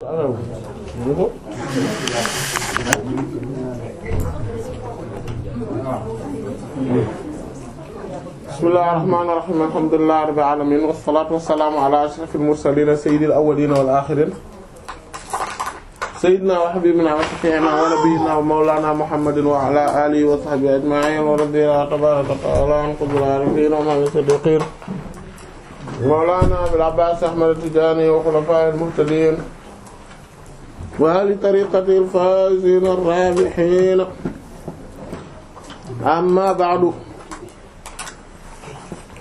bismillahir rahmanir rahim alhamdulillahi rabbil alamin wassalatu wassalamu ala ashrafil mursalin sayyidil awwalin wal akhirin sayyidina wa habibina wa shafi'ina wa nabiyyina wa mawlana muhammadin wa ala alihi wa sahbihi ajma'in wa radiyallahu tabaraka wa ta'ala an qudra arifin wa man sadiqin mawlana bil abbas ahmad tijani wa khulafa'il muhtadin wa li tariqatil faa'iziina ar-raabihiina amma ba'du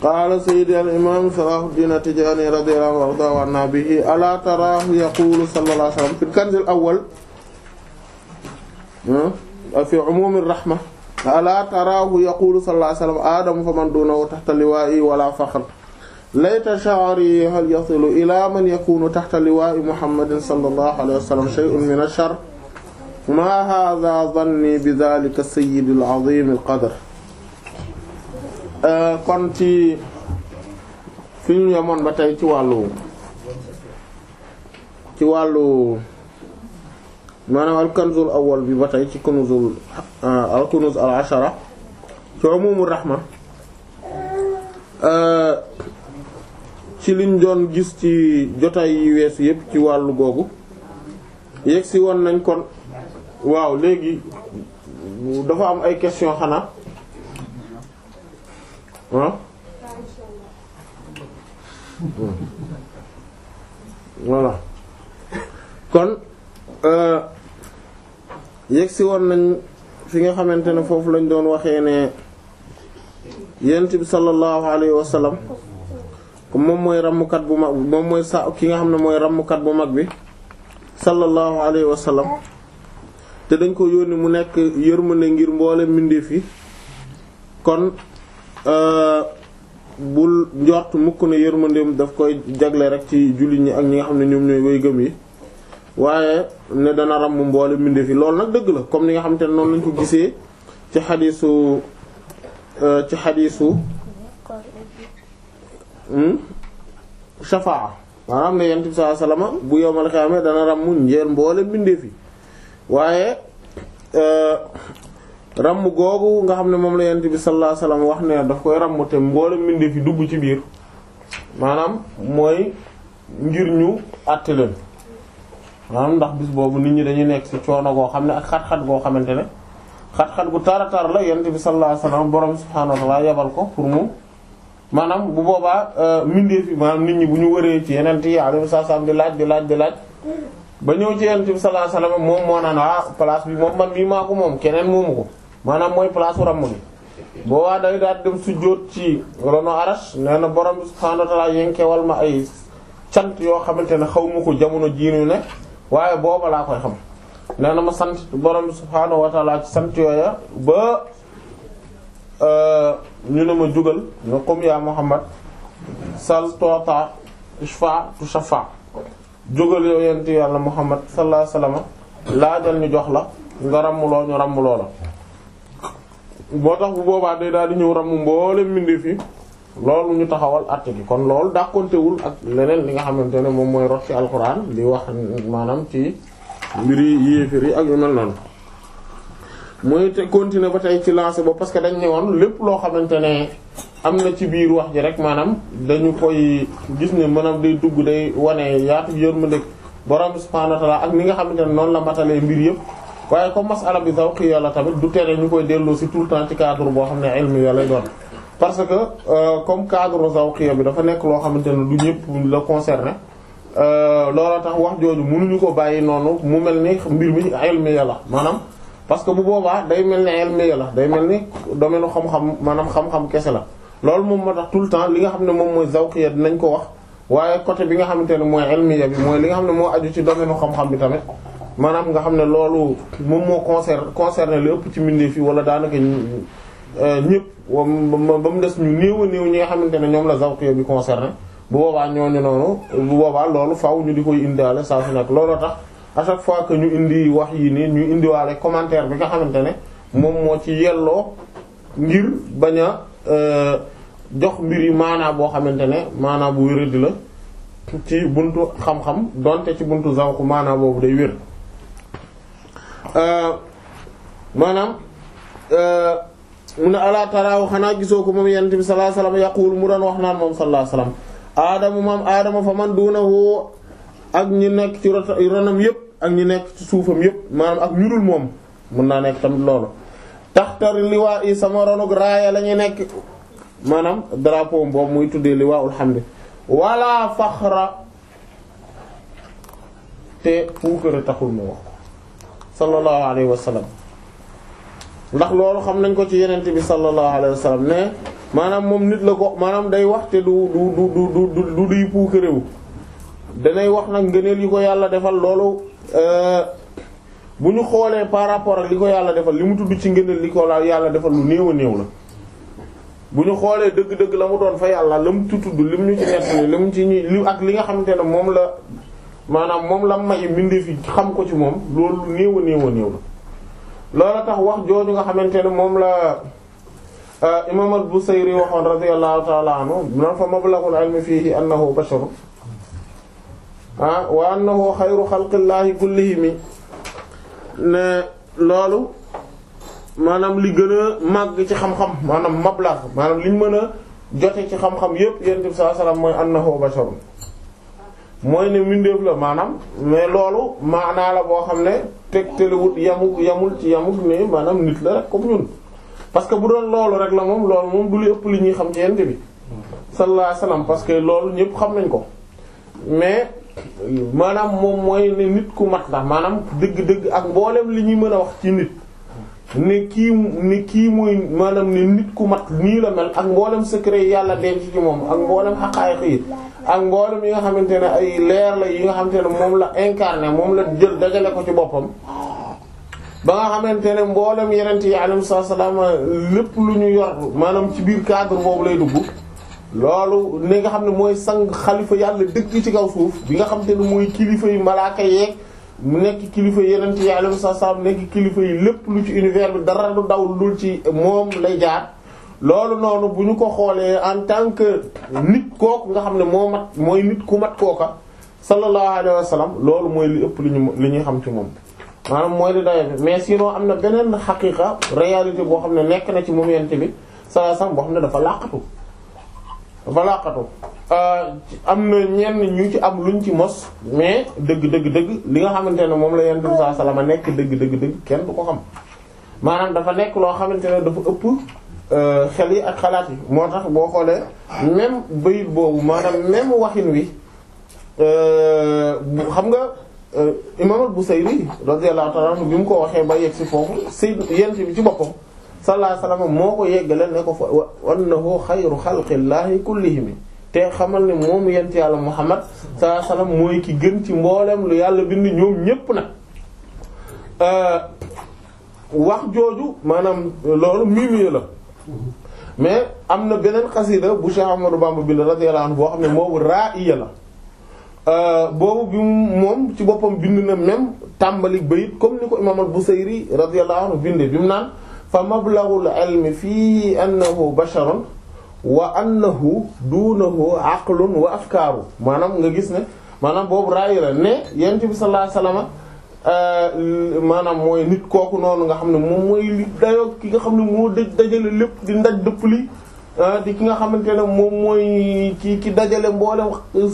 qaala sayyidi al-imaam Salahuddin at-Tijaani radiyallahu anhu wa anna bihi alaa taraahu yaquulu sallallahu alayhi wa sallam fil kanz al-awwal hmm, fi umuum ar-rahma alaa taraahu yaquulu sallallahu alayhi wa sallam aadamu faman duunahu tahta liwaa'i walaa faxr layta sha'ri hal yasilu ila man yakunu tahta liwa'i muhammadin sallallahu alayhi wa sallam shay'un min ash-sharr ma hadha dhanni bi dhalika as-sayyid al-'azim al-qadr euh, kon ci fi ñu yemoon ba tey ci wàllu ci wàllu maanaam al-kanzul awwal bi ba tey ci kunuzul euh, al-kunuz al-ashara ci umumur rahma euh, ci liñ doon gis ci jotaay yi weesu yépp ci wàllu googu yegg si woon nañ kon waaw léegi dafa am ay question xanaa ah kon euh, yegg si woon nañ fi nga xamante ne foofu lañ doon waxee ne yent bi sallallahu alayhi wa comme moom mooy rammukat bu mag moom mooy sa ki nga xam ne mooy rammukat bu mag bi sallallahu alayhi wa sallam te dañ ko yónni mu nekk yërmande ngir mboole mbindeef yi kon euh, bul njort mukk ne yërmandeem daf koy jagle rek ci jullit ñi ak ñi nga xam ne ñoom ñooy way gëm yi waaye ne dana ramm mboole mbindeef yi loolu nag dëgg la comme ni nga xam te ne noonu lañ ko gisee ci xadiisu euh, ci xadiisu Hmm? shafaa maanaam ne yonent bi sallallahu alayhi wasallam bu yowmal xiyaama dana ràmm njël mboole mbindeef yi waaye euh, ràmm googu nga xam ne moom la yonent bi sallallahu alayhi wasallam wax ne daf koy ràmm te mboole mbindeef yi dugg ci biir maanaam mooy ngir ñu àtte leen maanaam ndax bis boobu nit ñi dañuy nekk ci coono goo xam ne ak xat-xat goo xamante ne xat-xat gu tara tar la yonent bi sallallahu alayhi wasallam borom subhaanahu wa ko pour moom maanaam bu boobaa euh, mbindeef yi maanaam nit ñi bu ñu wëree ci yeneen yi alayhi salaam di laaj di laaj di laaj ba ñëw ci yeneen bi sallallahu alayhi moom moo naan ah place bi moom man mii maa ko moom keneen moomu ko maanaam mooy place bu ràmm boobaa day daal dem sujjóot ci rono arash nee na borom bi subhaanahu wa ta'aala ma ay cant yoo xamante ne xaw ma ko jamono jiinu ne waaye booba laa koy xam nee na ma sant borom bi subhaanahu ci sant yooya Euh, ñu ne ma jugal ñoo comme yaa Muhammad sal tota ishfa tu shafa jógal yow yàlla Muhammad sallallahu alayhi wasallam laajal ñu jox la nga ràmmuloo ñu ràmmuloo la boo tax bu boobaa day daal di ñëw ràmm mboole mbindeef yi loolu ñu taxawal àtte gi kon loolu dàqontewul ak leneen li nga xamante ne moom mooy rot ci alxuraan li wax maanaam ci mbiri yéefér yi ak yu mel noonu mooy te continuer ba tey ci lancé ba parce que dañ ne woon lépp loo xamante ne am na ci biir wax ji rek maanaam dañu koy gis ne maanaam day dugg day wane yaa yaatu yërmande borom subhanahu wa ta'ala ak ni nga xamante ne noonu la matalee mbir yëpp waaye comme masala bi zawqi la tamit du tere ñu koy delloo si tout le temps ci cadre boo xam ne ilmi yàlla doon parce que euh, comme cadre zawqi bi dafa nekk loo xamante ne du ñëpp la concerné euh, looloo tax wax jooju mënuñu ko bàyyi noonu mu mel ni mbir mi ilmi yàlla maanaam parce que bu boobaa day mel ni ne elmiya la day mel ni domaine xam-xam maanaam xam-xam kese la loolu moom moo tax tout le temps li nga xam ne moom mooy zawqiya dinañ ko wax waaye côté bi nga xamante ne mooy elmiya bi mooy li nga xam ne moo aju ci domaine xam-xam bi tamit maanaam nga xam ne loolu moom moo concerné concerné li ëpp ci mbindeef yi wala daanaka euh, ñëpp ba mu des ñu néew a néew ñi nga xamante ne ñoom la zawqiya bi concerné bu boobaa ñooñu noonu bu boobaa loolu faw ñu di koy indaale saa su nekk looloo tax. à chaque fois que ñu indi wax yi nii ñu indiwaale commentaire bi nga xamante ne moom moo ci yelloo ngir bañ a euh, jox mbir yi maanaa boo xamante ne maanaa bu wéradi la ci buntu xam donte ci buntu zawq maanaa boobu day wér euh, maanaam euh, mu ne alaa taraaw xanaa gisoo ko moom yonent bi sallallahu alayhi wasallam yaqul mu doon wax naan moom sallallahu alayhi wasallam aadama moom aadama fa man duunahu ak ñi nekk ci ronam yëpp ak ñi nekk ci suufam yëpp maanaam ak ñu dul moom mën naa nekk tamit loolu taxtar liwaa yi sama ronug raaya la ñuy nekk maanaam drapeau boobu muy tuddee liwaa ul hamd wala faxra te puukare taxul mu wax sallallahu alayhi wa sallam ndax loolu xam nañ ko ci yenent bi sallallahu alayhi wa sallam ne maanaam moom nit la ko maanaam day wax te du du du du du duy puukarewu danay wax nag ngëneel yi ko yàlla defal loolu euh, bu ñu xoolee par rapport ak li ko yàlla defal li mu tudd ci ngëneel li ko yàlla defal lu néew a néew la bu ñu xoolee dëgg-dëgg la mu doon fa yàlla la mu tudd lim ci nett li mu li nga xamante ne moom la maanaam moom la may mbindeef yi xam ko ci moom loolu néew a néew a néew la loola tax wax jooju nga xamante ne moom la euh, imaam al-Busayri waxoon radiyallahu ta'ala anhu fa mablagul ilmi fihi annahu basharun ah wa annahu xayru xalqillaahi kullihim ne loolu maanaam li gën a màgg ci xam-xam maanaam mablax maanaam liñ mën a jote ci xam-xam yépp yonent bi sallallahu alayhi wasallam mooy annahu basharun mooy ne mbindeef la maanaam mais loolu maanaa la boo xam ne tegtaliwut yamuk yamul ci yamuk mais maanaam nit la rek comme ñun parce que bu doon loolu rek la moom loolu moom du lu ëpp li ñuy xam ci yonent bi sallallahu alayhi wasallam parce que loolu ñépp xam nañ ko mais maanaam moom mooy ne nit ku mat la maanaam dëgg-dëgg ak mboolem li ñuy mën a wax ci nit ne kii ne kii mooy maanaam ni nit ku mat nii la mel ak mboolem secret yàlla denc ci moom ak mboolem xaqaayiq yi ak mboolem yi nga xamante ne ay leer la yi nga xamante ne moom la incarné moom la jël dajale ko ci boppam ba nga xamante ne mboolem yeneen yi alayhi salaam lépp lu ñu yor maanaam ci biir cadre boobu lay dugg. loolu li nga xam ne mooy sang xalifa yàlla dëgg ci kaw suuf bi nga xam te ne mooy kilifa yu malaaka yeeg mu nekk kilifa yeneen ci yàlla sa sam nekk kilifa yi lépp lu ci univers bi dara lu daw lul ci moom lay jaar loolu noonu bu ñu ko xoolee en tant que nit kooku nga xam ne moo mat mooy nit ku mat kooka sallallahu alayhi wa sallam loolu mooy li ëpp li ñu li ñuy xam ci moom maanaam mooy li daye mais sinon am na beneen xaqiqa réalité boo xam ne nekk na ci moom yent bi sallallahu alayhi wa xam ne dafa làqatu ba laqatu euh, am na ñenn ñu ci am luñ ci mos mais dëgg dëgg dëgg li nga xamante ne moom la yenn bi saa salama nekk dëgg dëgg dëgg kenn du ko xam maanaam dafa nekk loo xamante ne dafa ëpp euh, xel yi ak xalaat yi moo tax boo xoolee même bayit boobu maanaam même waxin wi bu euh, xam nga imaam al Busayri radiyallahu ta'ala bi mu ko waxee ba yegg si foofu si yent bi ci boppam sallallahu alayhi wasallam moo ko yeggaleel ne ko fa wa annahu xayru xalqillahi kullihim te xamal ne moom yent yàlla Muhammad sallallahu alayhi mooy ki gën ci mboolem lu yàlla bind ñoom ñépp nag euh, wax jooju maanaam loolu mimie la mais am na beneen xasida bu Cheikh Ahmadou Bamba bind radiyallahu boo xam ne boobu ra'iya euh, moom ci boppam bind na même tàmbali bayit comme ni ko imaam al-Busayri radiyallahu anhu bi mu naan fa mablaghul ilmi fii annahu basharun wa annahu duunahu aqlun wa afkaaru maanaam nga gis ne maanaam boobu raayi la ne yent bi sallallahu alayhi wa sallam euh, maanaam mooy nit kooku noonu nga xam ne moom mooy li dayoo ki nga xam ne moo daj dajale lépp di ndaj dëpp li euh, di ki nga xamante ne moom mooy ki ki dajale mboolem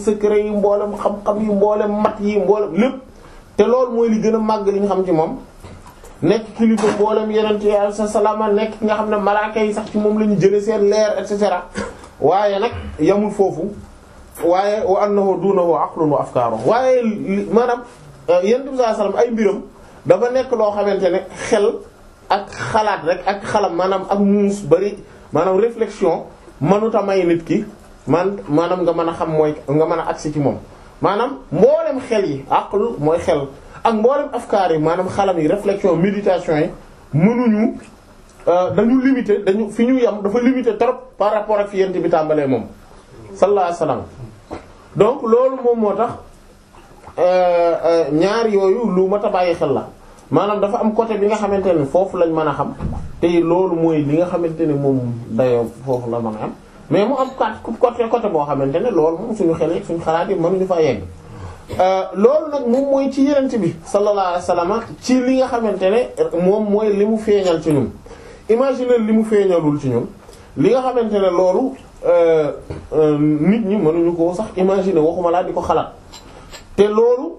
secret yi mboolem xam-xam yi mboolem mat yi mboolem lépp te loolu mooy li gën a màgg li ñu xam ci moom nekk kilifa mboolem yeneen ci yàlla sa salaama nekk nga xam ne malaaka yi sax ci moom la ñu jëlee seen leer et cetera waaye nag yamul foofu waaye wa annahu duunahu aqlun wa afkaaru waaye maanaam euh, yonent ay mbiram dafa nekk loo xamante ne xel ak xalaat rek ak xalam maanaam ak muus bari maanaam réflexion mënut a may nit ki man maanaam nga mën a xam mooy nga mën a agsi ci moom maanaam mboolem xel yi aql mooy xel. ak mboolem afkaar yi maanaam xalam yi réflexion méditation yi mënuñu euh, dañu limité dañu fi ñu yam dafa limité trop par rapport ak fi yent bi tàmbalee moom sallallahu alayhi donc loolu moom moo tax euh, euh, ñaar yooyu lu mat bàyyi xel la maanaam dafa côté bi nga xamante ne foofu lañ mën a xam te loolu mooy li nga xamante ne moom dayoo foofu la mën a am mais mu am côté côté boo xamante ne loolu moom suñu xel suñu xalaat yi mënuñu fa yegg Euh, loolu nag moom mooy ci yenent bi sallallahu alayhi wasallam ci li nga xamante ne moom mooy li mu feeñal ci ñun imaginer li mu feeñalul ci ñun li nga xamante ne loolu euh, euh, nit ñi mënuñu ko sax imaginer waxuma laa di ko xalaat te loolu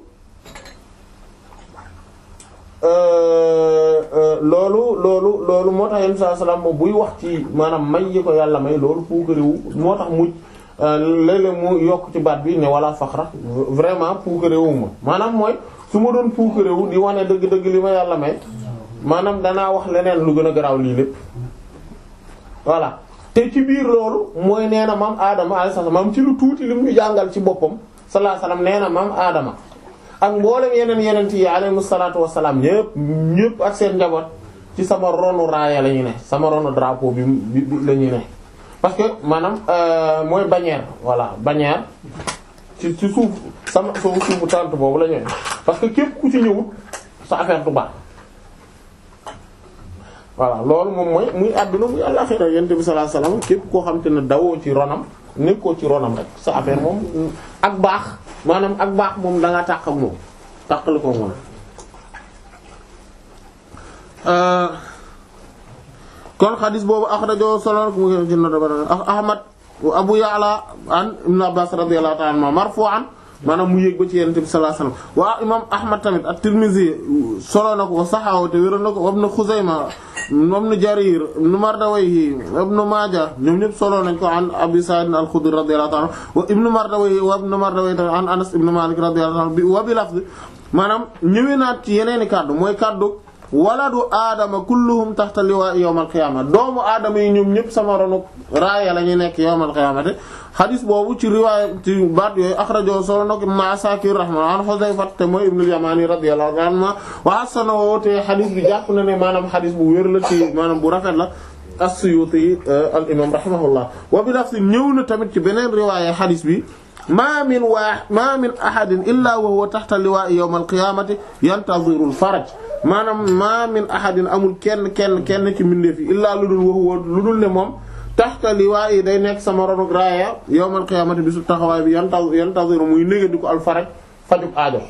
loolu loolu loolu moo tax yenn saa salaam buy wax ci maanaam mañ yi ko yàlla may loolu puukariwu moo tax mujj léeg-léeg euh, mu yokk ci baat bi ne wala faxra vraiment puukarewuma maanaam mooy su ma doon puukarewu wax wane dëgg-dëgg li ma yàlla may maanaam danaa wax leneen lu gën a garaaw lii lépp voilà te ci biir loolu mooy nee na maam Adama alayhi ci lu tuuti jàngal ci boppam sallallahu alayhi nee na maam ak mboolem yeneen yeneen yi alayhi salaatu salaam ñëpp ñëpp ak seen njaboot ci sama ronu raaya la ñu ne sama ronu drapeau bi bi la ne. parce que maanaam euh, mooy bannière voilà bannière ci suuf sama sama suufu tànt boobu la ñëwee parce que képp ku ci ñëwut sa affaire du baax voilà loolu moom mooy muy àdduna muy àllaxira yonent bi sallallahu alayhi képp koo xam te ne dawoo ci ronam nekkoo ci ronam rek sa affaire moom ak baax maanaam ak baax moom da ngaa tàq ak moom tàqal ko moom. Euh, kon xadis boobu axrajo solo ko mu ci nodd Ahmad Abu Ya'la an Ibn Abbas radiyallahu ta'ala anhuma marfu'an maanaam mu yéeg ba ci Yonent bi sallallahu alayhi waa imam Ahmad tamit a tirmidhi solo na ko saxaaw te wéral na ko Ibn Khuzaymah ibn Jarir ibn Mardawayhi ibn Majah ñoom ñëpp solo nañ ko an Abi Sa'id al-Khudri radiyallahu ta'ala wa ibn Mardawayhi wa ibn Mardawayhi an Anas ibn Malik radiyallahu wa bi lafz maanaam ñëwee naat ci yeneeni kàddu mooy kàddu waladu aadama kulluhum taxta liwaa yawmal qiyaama doomu aadama yi ñoom ñëpp sama ronu raaya la ñuy nekk yawmal qiyaamati xadis boobu ci riwaaya ci baat yooyu axrajo solo nak ibn Asakir rahimahullah an Xuzayfa te mooy ibn al-Yamani radiyallahu anhu wa hasana wootee xadis bi jàpp na ne maanaam xadis bu wér la ci maanaam bu rafet la as-Suyuti al rahimahullah wa bi lafsi ñëw tamit ci beneen riwaaya xadis bi ma min waa ma min ahadin illa wa huwa taxta liwaa yawmal qiyaamati yantaziru faraj maanaam maa min ahadin amul kenn kenn kenn ci mbindeef yi illaa lu dul waxuwa lu dul ne moom taxta liwaa waaye day nekk sama ronug raaya yowmal qiyaamati bisu taxawaay bi yan taw yan taw muy néega di ko alfaraj fajub aajo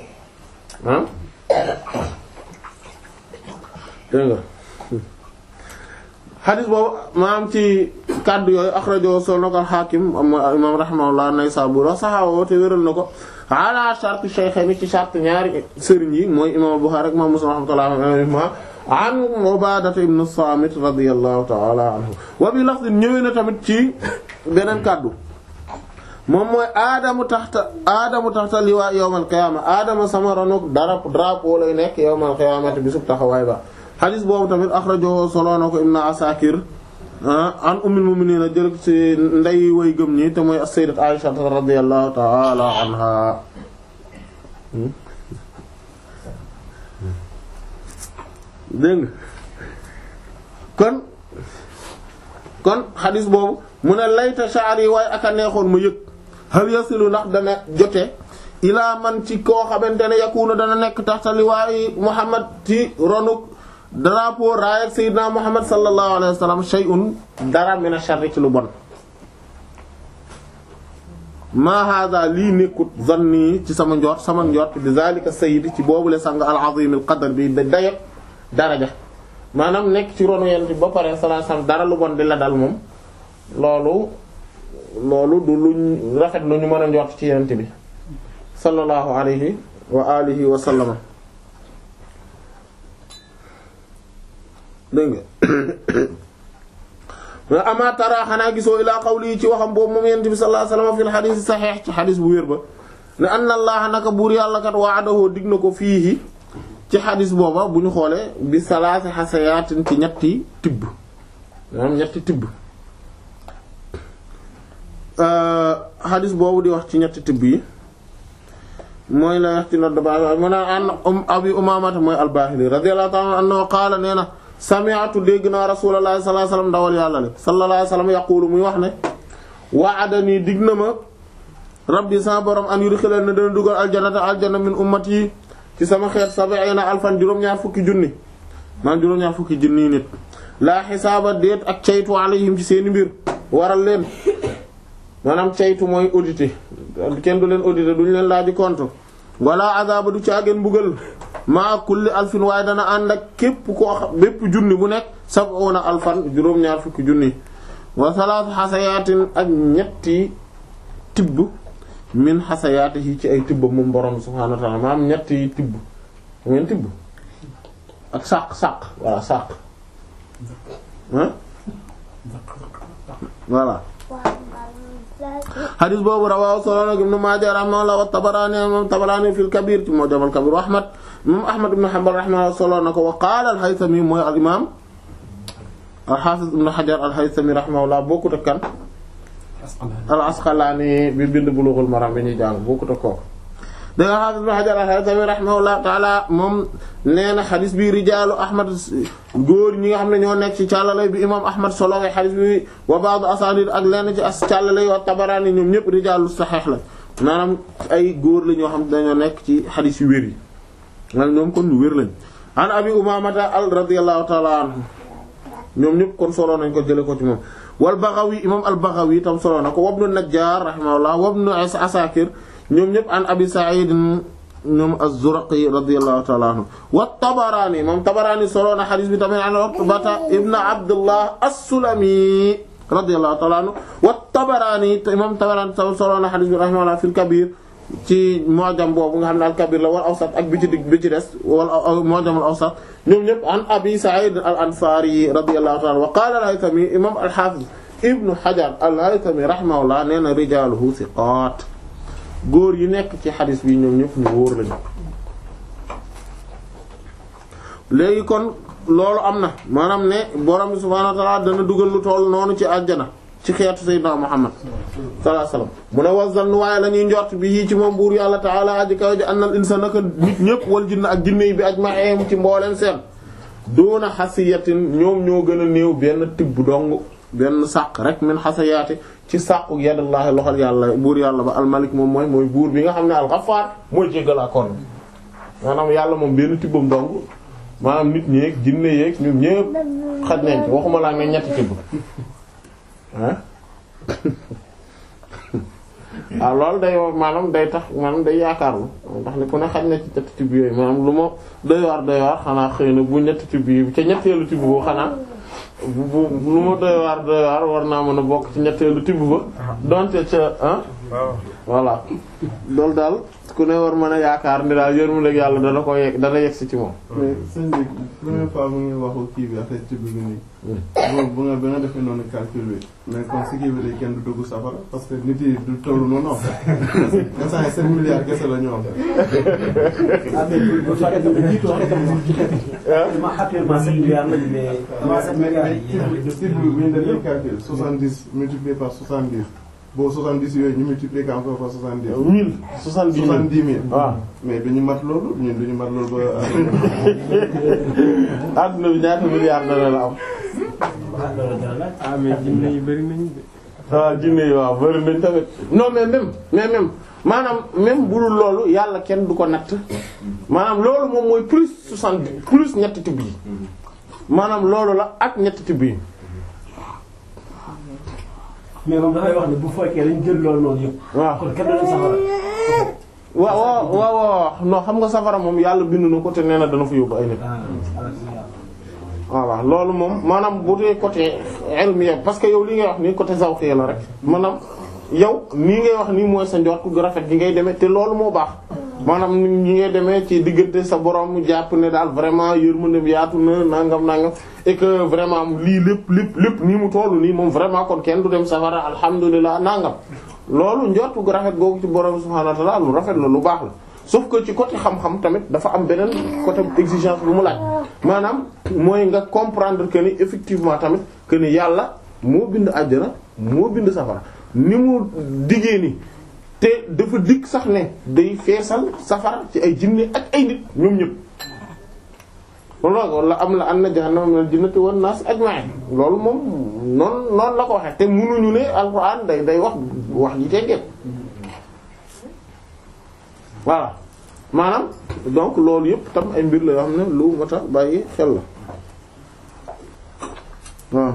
ah boobu maam ci kàddu yooyu axrajoo solo na ko xaakim am imaam rahimahullah nay saabur saxaawa te wéral na ko ala shartu shaykhayni ci shartu ñaari sëriñ yi mooy imam Bukhari ak imam Muslim rahmatullah an Ubaadata ibn Saamit radiyallahu ta'ala anhu wa bi lafdin ñëwee na tamit ci beneen kàddu moom mooy aadamu taxta aadamu taxta liwaa yawmal qiyaama aadama sama ranoog dara drapeau lay nekk yawmal qiyaamati bisub taxawaay ba xadis boobu tamit axrajahu solo na ko Ibn Asakir Ah, an ummul mu'minin jël ci ndey way gëm ñi te mooy as-sayyidat Aisha radiyallahu ta'ala anha dégg kon kon xadis boobu mu ne layta sha'ri waaye aka neexoon ma yëg hal yasilu ndax dana jote ilaa man ci koo xamante ne yakunu dana nekk taxta liwaayi Muhammad ci ronuk drapeau raaya Seydina Muhammad sallallahu alayhi wa sallam shay'un dara mina sharri ci lu bon. maa hada lii nekkut zanni ci sama njoot sama njoot bi zalika sayyid ci boobule sang al-azim al-qadar bi da dayo daraja maanaam nekk ci ronu yent ba pare sallallahu alayhi wa sallam dara lu bon di la dal moom loolu loolu du luñ rafet lu ñu mën a njort ci yent bi sallallahu alayhi wa alihi wa sallama dégg nga ama tara xanaa gisoo ilaa qawli ci waxam boobu moom yent bi sallallahu alayhi ci xadis bu wér ba ne anna allaha buur yàlla kat wa'adahu dig na ko fii ci xadis booba bu ñu xoolee bi salaasi xasayaatin ci ñetti tibb maanaam ñetti tibb xadis euh, boobu di wax ci ñetti tibb yi mooy la wax ci nodd ba mën a an abi umaamata mooy al-Baahili radiyallahu ta'ala anhu qaala nee na sami'tu dégg naa rasulullah sallallahu alayhi wasallam ndawal yàlla le sallallahu alayhi wasallam yaqulu muy wax ne wa'adani dig na ma rabbi sa borom an yudxilal na dana dugal aljanata aljana min ummati yi ci sama xeet sab'ina alfan juróom-ñaar fukki junni man juróom-ñaar fukki junni nit laa xisaaba déet ak caytu alayhim ci seeni mbir waral leen maanaam caytu mooy audité kenn du leen audité duñu leen laaj compte wala azaba du caageen mbugal maa kulli alfin waaye dana ànd ak képp koo bépp junni bu nekk sab'una alfan juróom-ñaar fukki junni wa salaatu xasayaatin ak ñetti tibb min xasayaatihi ci ay tibb moom borom subhaanahu wa ta'aala ñetti tibb ngeen tibb ak sàq sàq voilà sàq ah voilà xadis boobu rawaw solo nag ibnu Maaja rahimahullah wa Tabaraani moom Tabaraani fil Kabir ci moo jamal Kabir wa moom Ahmad ibnu Hanbal rahimahullah solo na ko wa qaala mooy al imaam al-Hafiz ibnu Hajar al-Haythami rahimahullah bokkut kan al bi bind Bulughul Maram bi ñuy jàng bokkut ak kooku danga xaafis ibn Hajar al-Haytami rahimahullahu taala moom nee na xadis bi rijaalu ahmad góor ñi nga xam ne ñoo nekk ci càllalay bi imam ahmad solowee xadis bi wa ba'd asanid ak lenn ci as càllalay wa tabaraani ñoom ñëpp rijaalu saxiix la maanaam ay góor la ñoo xam ne dañoo nekk ci xadis yu wér yi maanaam ñoom kon ñu wér lañ an abi umamata al radiyallahu taala anhu ñoom ñëpp kon solo nañ ko jële ko ci moom wal baghawi imam al baghawi tam solo na ko wabnu najjar rahimahullah wabnu ñoom ñëpp an abi sa'id ñoom az-Zuraqi radiyallahu ta'ala anhu wa Tabaraani moom Tabaraani solo na xadis bi tamit an Uqbata ibn Abdullah as-Sulami radiyallahu ta'ala anhu wa Tabaraani moom Tabaraani solo na xadis bi rahimahullah fil Kabir ci mu'jam boobu nga xam ne al-Kabir la wal awsat ak bi ci digg bi ci des wal mu'jam al-awsat ñoom ñëpp an Abi Sa'id al-Ansari radiyallahu ta'ala wa qala al-Haythami imam al-Hafiz ibn Hajar al-Haythami rahimahullah nee na rijaaluhu thiqaat góor yi nekk ci xadis bi ñoom ñëpp ñu wóor lañu léegi kon loolu am na maanaam ne borom bi subhaanahu wa ta'ala dana dugal lu toll noonu ci àjjana ci xeetu sayyidina Muhammad sallallahu alayhi wasallam mu ne wasdan waaye la ñuy njort bi yii ci moom mbuur yàlla taalaa aji kaw ji annal insana naka nit ñëpp wal jinna ak jinne bi aj maxeem ci mbooleem seen doona xasiyatin ñoom ñoo gën a néew benn tibb dong benn sàq rek min xasayaati ci sàqu yadallaahi loxol yàlla buur yàlla ba almalik moom mooy mooy buur bi nga xam ne alxafaar mooy jéggalaakoon bi maanaam yàlla moom benn tibbam dong maanaam nit ñeeg jinne yeeg ñun ñëpp xaj nañ ci waxuma laa ne ñetti tibb ah waaw loolu day maanaam day tax maanaam day yaakaar lu ndax ne ku ne xaj na ci ñetti tibb yooyu maanaam lu ma doy waar xanaa xëy na bu ñetti tibb yi ca ñetteelu tibb boo xanaa bu bu lu ma doy waar doy waar war naa mën a bokk ci ñetteelu tibb ba ah. donte ca ah voilà loolu daal ku ne war mën a yaakaar ni daal yërmandeeg yàlla dana ko yegg dana yegg si ci moom. Hmm. mais sëñ bi mu ngi waxu kii bi affaire ci dugub nii. Hmm. ba nga ba defee noonu calcul bi. mais kon si bi day kenn du duggu safara parce que nit yi du tollu noonu en fait. instant yii seen milliards kese la am. ah mais bu fekkee ah. lañu mais. waaw ah. mais boo 70 yooyu ñu multiplier ko encore par 70. 1000 70 000 70 000. waaw mais duñu mat loolu ñun duñu mat loolu ba. àdduna bi ñaata milliards dana la am. ah mais jinne ah, mais même mais même maanaam même budul loolu yàlla kenn du ko natt maanaam loolu moom mooy plus 60 plus ñetti tibb yi maanaam loolu la ak ñetti tibb yi. mais moom dafay wax ne bu fekkee dañ jël loolu noonu yëpp. waaw kon kenn du safara. waaw waaw waaw waaw non xam nga safara moom yàlla bindu na ko te nee na dana fa yóbbu ay nit. voilà loolu moom maanaam bu dee côté ilmiya parce que yow li ngay wax nii côté saw zawqi la rek maanaam yow nii ngay wax nii mooy sa njort gu rafet gi ngay demee te loolu moo baax. maanaam ñi ngay demee ci diggante sa borom jàpp ne daal vraiment yërmande yaatu na nangam nangam et que vraiment lii lépp lépp lépp nii mu toll nii moom vraiment kon kenn du dem safara alhamdulilah nangam loolu njortu gu rafet googu ci borom subhaanahu wa ta'aala lu rafet la lu baax la sauf que ci côté xam-xam tamit dafa am beneen côté exigence bu mu laaj maanaam mooy nga comprendre que ni effectivement tamit que yàlla moo bind àjjana moo bind safara ni mu diggee te dafa dikk sax ne day feesal safara ci ay jinne ak ay nit ñoom ñëpp loolu am na jahannama minal jinnati wan naas ajma'in loolu moom noonu noonu la ko waxee te mënuñu ne alxuraan day day wax wax ji teggeel voilà maanaam donc loolu yëpp tam ay mbir la yoo xam ne lu mat a bàyyi xel la waaw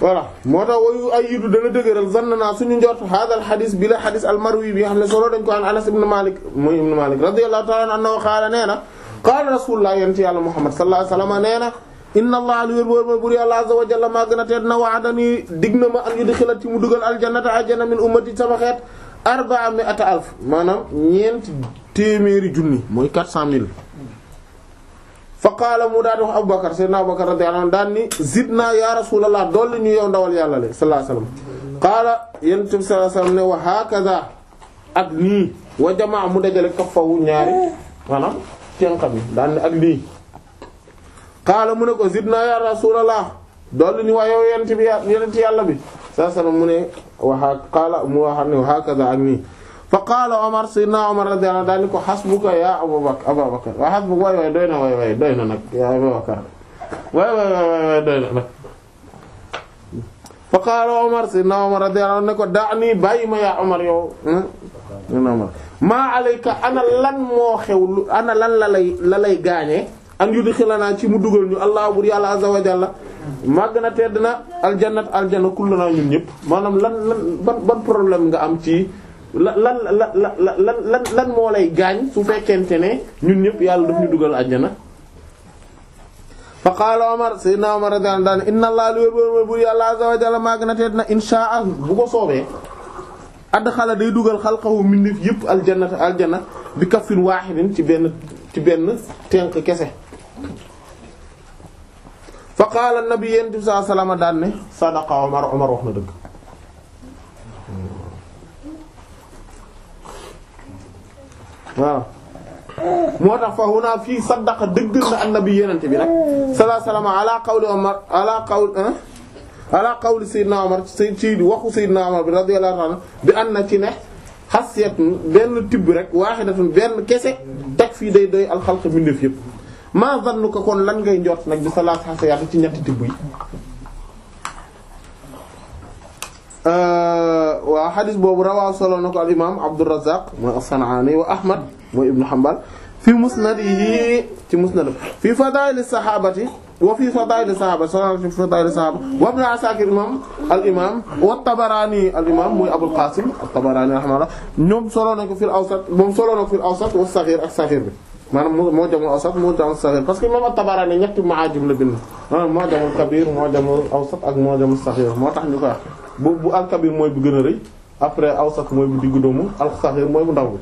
voilà moo ta wayu ay yidu dana dëgëral zanna naa suñu njort hadal xadis bi la xadis almarwi bi xam ne solo dañ ko anas ibn malik mooy ibn malik radiyallahu ta'ala anhu qaala nee na qaala rasulullah yonent yàlla muhammad sallallahu alayhi wasallam nee na inna allah li wér wóor ma buri allah azza wa jalla maa a na waadani dig na ma an yudxila ci mu dugal aljannata aljana min ummati sama xeet arba'a alf maanaam ñeenti téeméeri junni cent mille fa qaala mu daal di wax Aboubacar Seydina Aboubacar radiyallahu anhu daan ni zidna ya rasulallah dolli ñu yow ndawal yàlla le sallallahu alayhi ne wa hakaza ak nii wa jamaa mu dajale kaffawu ñaari maanaam tenqam yi daan ak nii qaala mu ne ko zidna ya rasulallah dolli ñu wax yow yonent yàlla bi sallallahu alayhi mu ne wa qaala mu wax ne wa hakaza ak nii fa qaala Omar Seydina Omar radiyallahu anhu daal ni ko xasbuka yaa Abubakar Abubakar waaye xasbuka waay waay doy na waay waay doy na nag yaa Abubakar waay waay waay waay doy na nag. fa qaala Omar Seydina bàyyi ma yaa Omar yow. Hmm? maa alayka ana lan moo xew ana lan la lay la lay gaañee. an yudxilana ci mu dugal ñu allah bur yàlla azza wa jalla na tedd na aljannat aljanna kullanaa ñun ñëpp maanaam lan lan ban ban problème nga am ci. lan lan lan lan lan lan moo lay gaañ su fekkente ne ñun yëpp yàlla daf ñu dugal àjjana fa qaala Omar sayyidina Omar radiyallahu anhu inna allah lu wér bu bu ko soobee adxala day dugal xalqahu mbindeef yëpp aljannata aljana bi kaffin waahidin ci benn ci benn tenk kese fa qaala nabi yéen di saa salaama daan ne sadaqa Omar Omar wax na dëgg waaw moo tax fa huna fii saddaqa dëggal na annabi yenente bi nag sallallahu alayhi wasallam ala qawli Umar ala qawl ala qawli Seydina Omar ci waxu Seydina Omar bi radiyallahu anhu bi ànd na ci ne xasiyatun benn tibb rek waahidatun benn kese teg fii day doy alxalq mbindeef yëpp maa ko kon lan ngay njort nag bi salaat xasiyat ci ñetti tibb yi Euh, waaw xadis boobu rawaa solo na ko al imaam Abdurrazzaq mooy as-San'aani wa Ahmad mooy Ibn Hanbal fi musnadihi ci musnad fi fadaa'il as-sahaabati wa fi fadaa'il as-sahaaba fi fadaa'il as-sahaaba wa Ibn Asaakir imaam al imaam wa Tabaraani al imaam mooy Abul Qaasim at-Tabaraani rahimahullah ñoom solo na ko fil awsat moom solo na ko fil awsat wa saxiir ak saxiir bi maanaam moo jamul awsat moo jamul saxiir parce que imaam at-Tabaraani ñetti maajim la bind maanaam moo jamul kabiir moo jamul awsat ak moo jamul saxiir moo tax ñu ko wax bu bu alkabir mooy bu gën a rëy après awsat mooy bu diggu doomu alsaxir mooy bu ndaw bi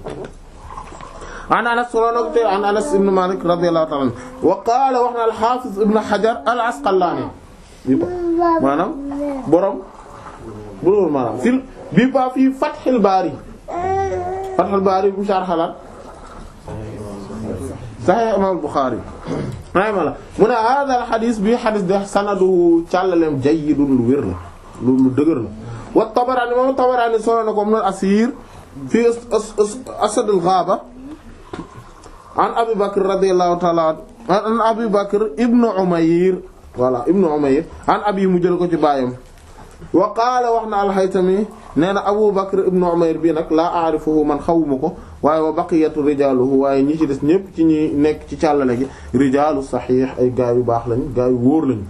an anas solonako te an anas ibn malik radiyallahu ta'ala wa qaala wax na al-hafiz ibn hajar al-asqalani maanaam borom bu loolu maanaam fil bi ba fii fathil baari fathil baari bu sharh xalaat sahih imam al-bukhari raxima la mu ne hadha al-hadith bi hadith de sanaduhu càllalem jayyidun lu wér la lu dëgër la wa Tabaraani moom Tabaraani solo na ko am na asiir fii asad al-ghaaba an Abi Bakr radiyallahu ta'ala an Abi Bakr ibn Umayr voilà ibn Umayr an abi mu jël ko ci baayam wa qaala wax na al-Haytami nee na Abu Bakr ibn Umayr bii nag laa aarifuhu man xawuma ko waaye wa baqiyatu rijaaluhu waaye ñi ci des ñëpp ci ñi nekk ci càllale gi rijaalu saxiix ay gaa yu baax lañu gaa yu wóor lañu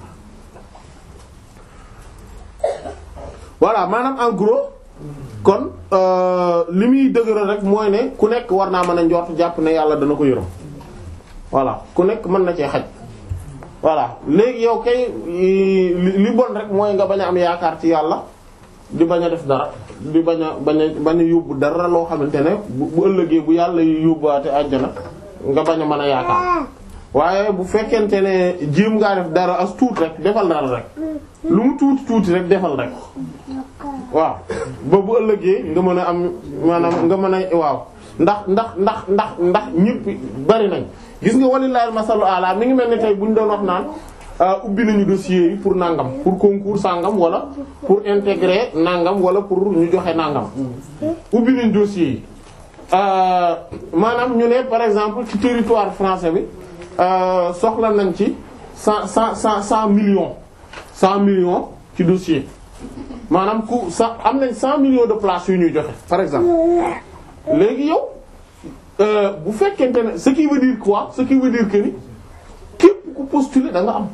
voilà maanaam en gros kon euh, li muy dëgëral rek mooy ne ku nekk war naa mën a njort jàpp na yàlla dana ko yërëm voilà ku nekk mën na cee xaj voilà léegi yow kay li bon rek mooy nga bañ a am yaakaar ci yàlla di bañ a def dara di bañ a bañ a bañ a yóbbu dara loo xamante ne bu ëllëgee bu yàlla yóbbuwaate àjjana nga bañ a mën a yaakaar waaye bu fekkente ne jéem ngaa def dara as tuut rek defal dara rek lu mu tuuti tuuti rek defal rek waaw ba bu ëllëgee nga mën a am maanaam nga mën a waaw ndax ndax ndax ndax ndax ñëpp bari nañ gis nga ma masalu ala mi ngi mel ni tey bu ñu doon wax naan euh, ubbi nañu dossiers yi pour nangam pour concours sàngam wala pour intégrer nangam wala pour ñu joxe nangam ubbi nañu dossiers yi euh, maanaam ñu ne par exemple ci territoire français bi Euh, soxla nañ ci cent cent cent cent millions cent millions ci dossier maanaam ku sax am nañ cent millions de place yu ñuy joxe par exemple léegi yow euh, bu fekkente ne ce qui veut dire quoi ce qui veut dire que ku postuler da nga am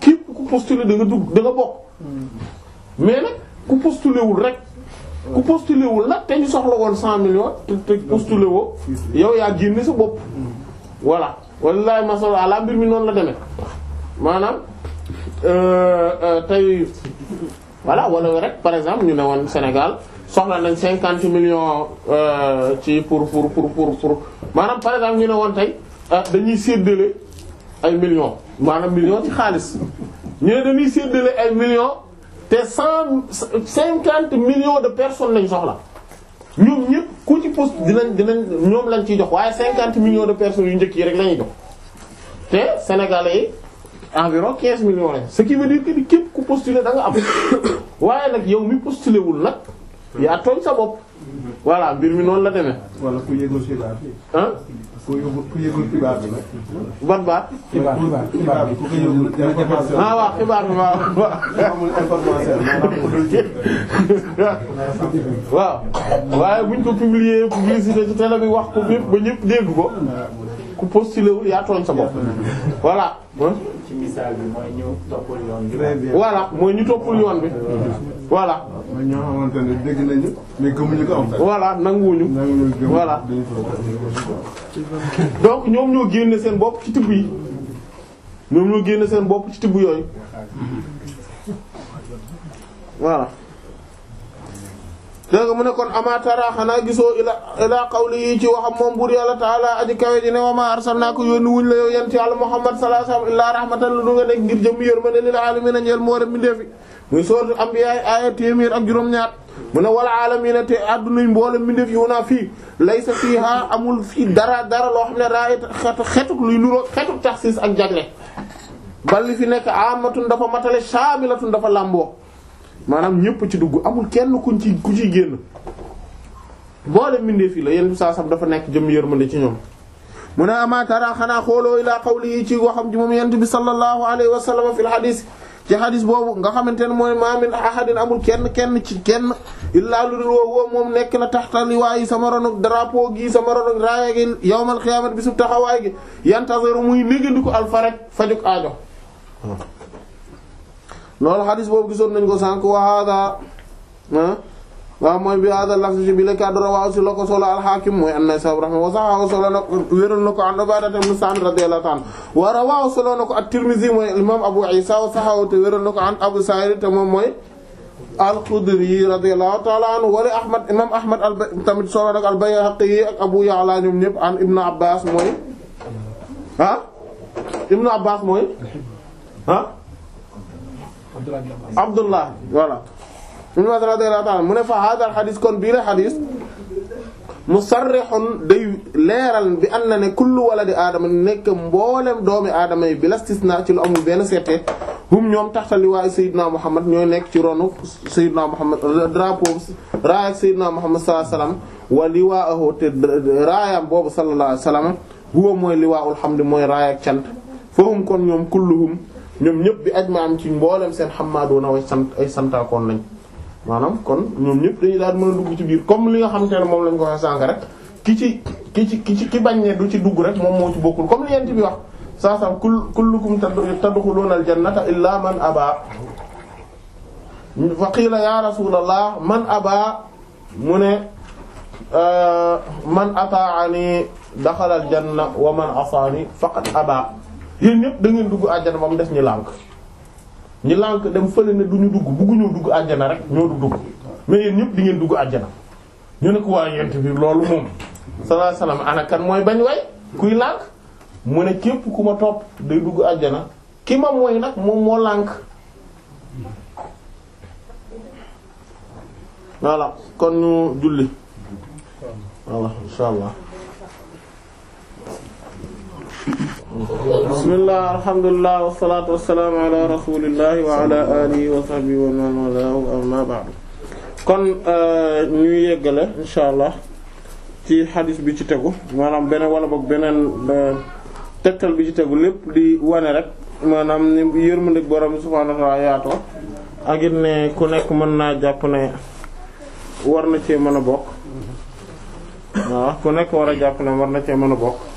képp ku postuler da nga dugg da nga bokk mais nag ku postuler wul rek ku postuler wul nag te ñu soxla woon cent millions te te postuler woo yow yaa génne sa bopp. voilà masol masal ala mbir mi noonu la demee maanaam euh, euh, tey walla wala rek par exemple ñu ne woon Sénégal soxla nañ cinquante millions euh, ci pour pour pour pour maanaam par exemple ñu ne woon tey dañuy séddale ay million maanaam millions ci xaalis ñu ne dañuy séddale ay millions te cent cinquante millions de personnes lañ soxla. ñoom ñëpp ko ci poste dinañ dinañ ñoom lañ ciy jox waaye cinquante million de personnes yu njëkk yi rek lañuy jox te sénégalais yi environ quinze millions lañ ce qui veut dire que képp ku postuler da nga am waaye nag yow mi postulé wul nag yaa tooñ sa bopp voilà mbir mi noonu la demee. wala ku yëngu si ku yóbbu ku yóbbu xibaar bi nag. ban baat. xibaar xibaar bi ku ko yóbbu information. ah waaw xibaar bi waaw. amul information ci télé bi wax ko ba ñëpp dégg ko. Ah, ku postulé wul yaa tooñ sa bopp. voilà. ci misaal bi mooy ñu toppul yoon bi. voilà mooy ñu toppul yoon voilà. mooy ñoo xamante ne dégg nañu mais gëmuñu ko am. voilà nanguwuñu. voilà. donc ñoom ñoo génne seen bopp ci tibb yi ñoom ñoo génne seen bopp ci tibb yooyu. voilà. dégg nga mu ne kon ama tara xanaa gisoo ila ilaa qawli ci waxam moom buur yàlla taala aji kawe ji ne wa maa arsalnaaka yónni wuñ la yow yent a muhammad sallallahu alayhi wa sallam illaa rahmatan la du nga nekk ngir jëm yërmande lil aalamiina ñeel moo rek bindeefi muy sourate Anbiya aaya téeméer ak juróom-ñaar mu ne wal aalamiina fii laysa amul fii dara dara loo xam ne raayat xetu xetuk luy nuroo xetuk taxsiis ak jagle bal li fi nekk amatun dafa matale shaamilatun dafa lamboo maanaam ñépp ci dugg amul kenn ku ci ku ciy génn boole mbindeef la yenn saa sam dafa nekk jëm yërmande ci ñoom mu ne amatara xanaa xooloo ilaa qawli ci waxam ji moom yent bi sallallahu alayhi wa sallam fil hadis ci hadis boobu nga xamante ne mooy ma kenn kenn ci kenn illaa lu dul woo moom nekk na taxta liwaayi sama ronuk drapeau gi sama ronuk raaya gi yawmal qiyaamati bi su taxawaay gi yantaziru muy négandiku alfaraj fajuk aajo loolu xadis boobu gisoon nañ ko sànq wa hada ah, waaw mooy bi hada lafz ci bi la kaddu rawaaw si la ko solo alxaakim mooy an nasab wa saxaahu solo na wéral ko an Ubaadata mooy imam Abu Isa wa saxaahu te wéral na ko an Abu Sa'id te moom mooy al-Khudri radiyallahu ta'ala anhu Ahmad imam Ahmad al tamit Abu Ya'la ñoom an Ibn Abbas mooy ah Ibn Abbas mooy ah Abdullah voilà ibn Abbas radiyallahu ta'ala mu ne fa hadal xadis kon bii la xadis day leeral bi an na ne kullu waladi aadama nekk mboolem doomi aadama yi bi lastisna ci lu amul benn seete hum ñoom taxtali waaye Seydina Muhammad ñooy nekk ci ronu Seydina Muhammad drapeau raaya Seydina Muhammad sallallahu alayhi wasallam wa liwaahu te raayam boobu sallallahu alayhi wasallam huwa mooy liwaa'ul hamd mooy raaya ak cant fahum kon ñoom kulluhum ñoom ñëpp bi ajmaam ci mboolem seen xamaadoona way sant ay santaakoon nañ maanaam kon ñoom ñëpp dañuy daal mën a dugg ci biir comme li nga xam te ne moom lañ ko waxee sànq rek ki ci ki ci ki ci ki bañ ne du ci dugg rek moom moo ci bokkul comme li yent bi wax saa saa kul kullukum tadxuluna aljannata illa man abaa fa qiila ya rasulallah man abaa mu ne euh, man ataani daxala aljanna wa man asaani faqad abaa yéen ñëpp da dugg àjjana ba mu def ñi lànk ñi lànk dem fële ne du ñu dugg bugguñoo dugg àjjana rek ñoo du dugg mais yéen ñëpp di ngeen dugg àjjana ñu ne ko waa yent bi loolu moom sallallahu alayhi wasallam ana kan mooy bañ way kuy lànk mu ne képp ku ma topp day dugg àjjana ki ma mooy nag moom moo lànk voilà kon ñu julli voilà bismillah alhamdulillah wasalatu wasalaamu ala rasulillahi wa ala alihi wa kon euh, ñu yeggale insha allah ci xadis bi ci tegu maanaam beneen wala boog beneen euh, tegtal bi ci tegu lépp di wane rek maanaam ni yërmandeeg borom bi subhaanahu wa ta'aala yaatoo ak ne ku nekk mën naa jàpp ne war na cee mën a bokk waaw ku nekk war a jàpp ne war na cee mën a bokk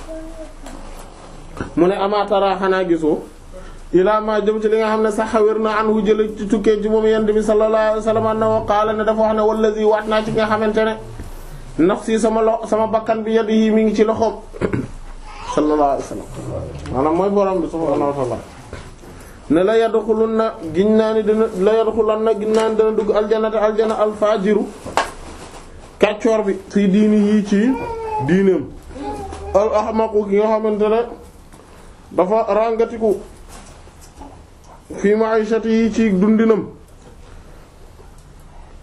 mu ne amaatara xanaa gisoo ilaa ma jëm ci li nga xam ne sax wér na anhu jële ci tukkee ci moom yent bi sallallahu alayhi wasallam annahu qaala ne dafa wax ne wallazi waat naa ci nga xamante ne nafsi sama lo sama bakkan bi yadihi mi ngi ci loxoom sallallahu alayhi wasallam maanaam mooy borom bi subhanahu wa ta'ala ne la yadxulunna giñ naa ni dina la yadxulunna giñ naa ni dugg aljanata aljana alfajiru kàccoor bi fi diini yii ci diineem al ahmaqu ki nga xamante ne dafa ràngatiku fii ma'ishati yi ci dundinam